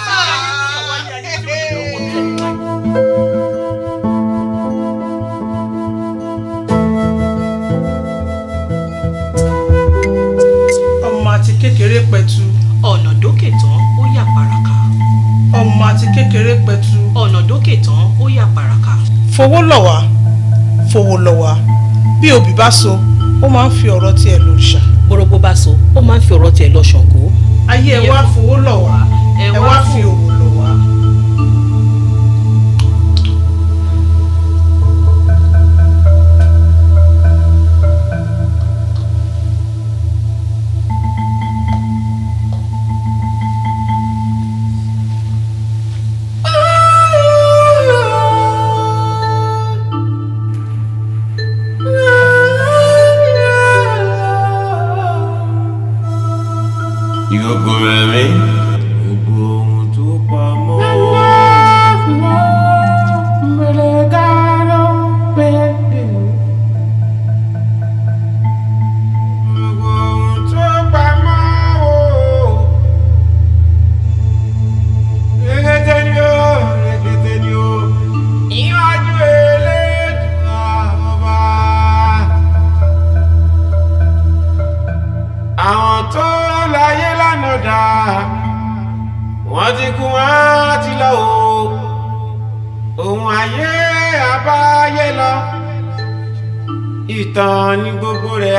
ọmọ àti kékeré pẹ̀tù. ọ̀nà dókè tán ó yà pàràkà. ọmọ àti kékeré pẹ̀tù ọ̀nà dókè tán ó yà pàràkà. fowó lọ̀wá fowó lọ̀wá bí òbí bá so ó máa ń fi ọ̀rọ̀ tiẹ̀ lọ ṣà. gbogbo bá so ó máa ń fi ọ̀rọ̀ tiẹ̀ lọ ṣàngó. ayé ẹ wá fowó lọ̀wá ẹ wá fi òwò You go around me.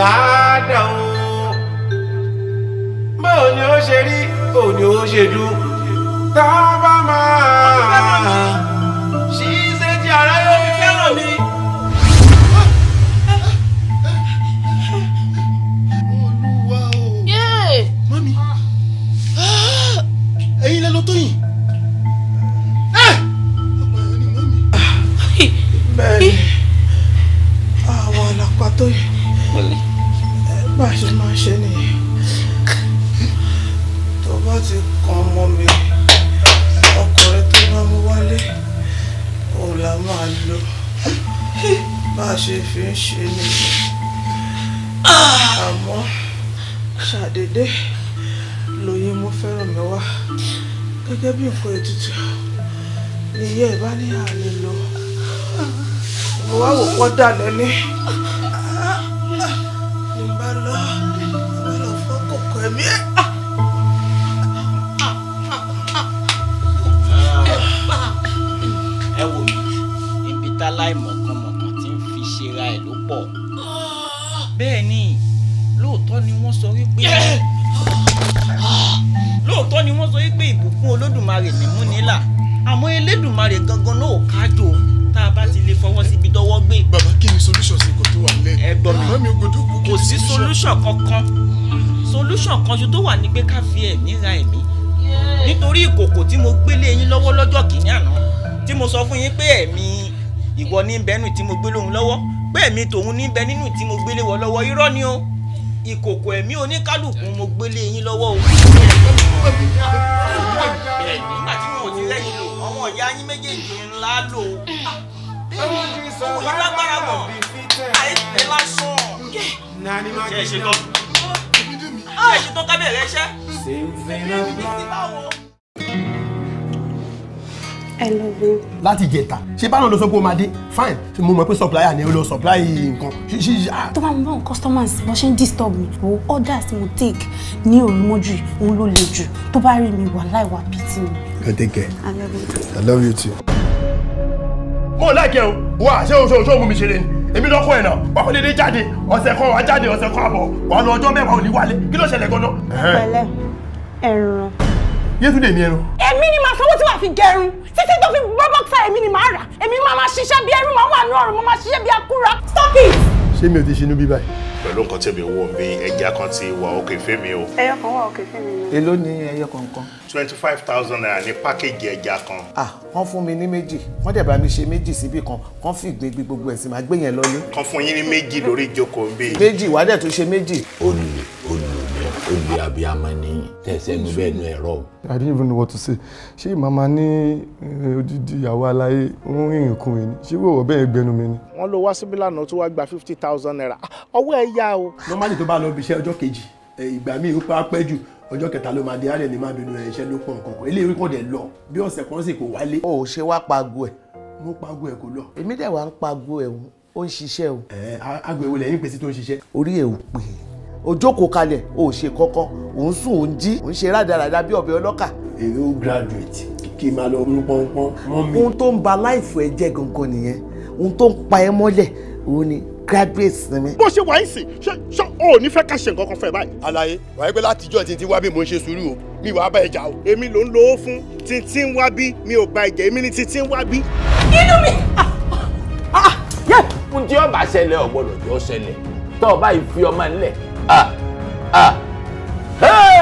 ṣàhádà o báwo ni ó ṣe rí ṣe nìyí tó bá ti kan ọmọ mi ọkùnrin tó bá mú wálé òun la máa lò bá a ṣe fi ń ṣe nìyí àmọ́ ṣàdédé lóyún mo fẹ́ràn mi wá gẹ́gẹ́ bí nǹkan ètùtù nìyẹn ìbá ní àlè lọ mo wá wò pọ́ dà lẹ́ni. fún olódùmarè ní múnilà àmọ́ elédùmarè gangan náà ò kájò tá a bá ti lè fọwọ́ síbi dọ́wọ́ gbé. bàbá kí ni solution sí nǹkan wà nílẹ̀. ẹ gbọ́ mi kò sí solution kankan solution kan ṣe tó wà ní pé ká fi ẹ̀mí ra ẹ̀mí nítorí ìkòkò tí mo gbélé yín lọ́wọ́ lọ́jọ́ kìíní àná tí mo sọ fún yín pé ẹ̀mí ìwọ ní bẹ́nu tí mo gbé lóhun lọ́wọ́ pé ẹ̀mí tòun ní bẹ tí mo gbélé wọ lọ́wọ́ irọ́ ni o ìkòkò ẹ̀mí oníkálukú mo gbélé yín lọ́wọ́ o. bẹ́ẹ̀ nígbà tí mo ti lẹ́yìn lò ọmọ ìyá yín méjèèjì ńlá lò ó. òun yín lágbára mọ̀ àìsí lásán. ṣe é ṣe tán ṣe é ṣe tán kábẹ̀rẹ̀ iṣẹ́. ṣe é ṣe tán. I love you. láti ìjẹta ṣé báwọn ló sọ pé o máa fine ṣe mo mọ̀ pé supplier ni o lọ supply nǹkan. Ah. tó bá ń bá àwọn customers bó ṣe ń disturb mi o orders mo take ní olùmọ́jú òun ló le jù tó bá rí mi wà láì wà bíi tí mi. go take care. I love you. I love you too. mo láìkẹ́ o wá ṣé o ṣe o ṣe o mú mi ṣeré ni èmi lọ́kọ̀ ẹ̀ náà wà fún dédé jáde ọ̀sẹ̀ kan wà jáde ọ̀sẹ̀ kan àbọ̀ wà lọ ọjọ́ mẹ́wàá ò ní wálé kí ló ṣẹlẹ̀ gan-an. pẹ̀lẹ́ ẹ̀rùn. Yétúndé ni ẹran. èmi ni màá sanwó tí màá fi gẹrun títí tó fi bọ́ bọ́ksà èmi ni màá rà èmi máa máa ṣiṣẹ́ bí ẹrú màá wà ní ọ̀run màá ṣiṣẹ́ bí akúra stop it. ṣé mi ò ti ṣinú bí báyìí. pẹ̀lú nǹkan tẹ̀mí wò mí ẹja kan ti wà òkè fẹ́mi o. ẹyọ kan wà òkè fẹ́mi o. èló ni ẹyọ kọ̀ọ̀kan. twenty five thousand naira ní pákéjì ẹja kan. ah wọ́n fún mi ní méjì wọ́n dẹ̀ bá mi ṣe méjì síbì kan wọ́n fi gbégbé gbogbo ẹ̀sìn máa gbé yẹn lọ ní. kan fún yín ní méjì lórí ìjókòó bíi. méjì wàá dẹ̀ tún ṣe méjì. olè olè olè abiyamọ ni tẹ̀sẹ̀nu nu ẹ̀rọ. I didn't even know what to say ṣé màmá ní eh, odidi ìyàwó aláyé ń rìn ìkún mi ni ṣé wọ́wọ́ bẹ́ẹ̀ gbẹnu mi ni. wọ́n lọ wá síbí lánàá tó wá gba fifty thousand naira ọwọ́ ẹ̀ yá o. normally tó bá lọ bí iṣẹ́ ọjọ́ kejì eh, ìgbà míì ó pa pẹ́ jù ọjọ́ kẹta ló máa di alẹ́ ní máa bínú ẹ̀ iṣẹ́ ló pọ̀ nǹkan kan eléyìí kò dẹ̀ lọ bí ọ̀sẹ̀ kan sì kò wálé. o ò ṣe wá pago ẹ̀. mo pago ẹ̀ kò lọ. èmi dẹ̀ wá ń pago ẹ̀ o ó ń ṣiṣẹ́ o. ẹ eh, agbèwò lẹ́yìn pèsè tó ń ṣiṣẹ́. orí ẹ̀ ò pè é o jókòó kalẹ̀ o ò ṣe kankan òun sùn òun jí òun ṣe rádaràda bí ọbẹ̀ ọlọ́kà. èrè ó graduate kí n máa lọ mú pọ́npọ́n mọ́ mi. ohun tó ń ba láìfọ ẹ jẹ́ gangan nìyẹn ohun tó ń pa ẹ mọ́lẹ̀ òun ni graduate ni mi. bó ṣe wà ń sìn ṣe ṣe ò ní fẹ́ ká ṣe nǹkan kan fẹ́ báyìí. alaye wàá pẹ́ látijọ́ ti ti wá bí mo ń ṣe sùúrù o mi wàá bá ẹja o. èmi ló ń lo ó fún títí ń wá bí mi ò gba ẹ̀jẹ̀ èmi ni títí ń wá bí. inú mi. ǹjẹ́ ah, ah, ah, ọba ṣẹlẹ̀ ọ̀gbọ́dọ̀ jọ ṣẹlẹ̀ tọ́ ọba ìfi ọmọ nílẹ̀ ah, ah. Hey!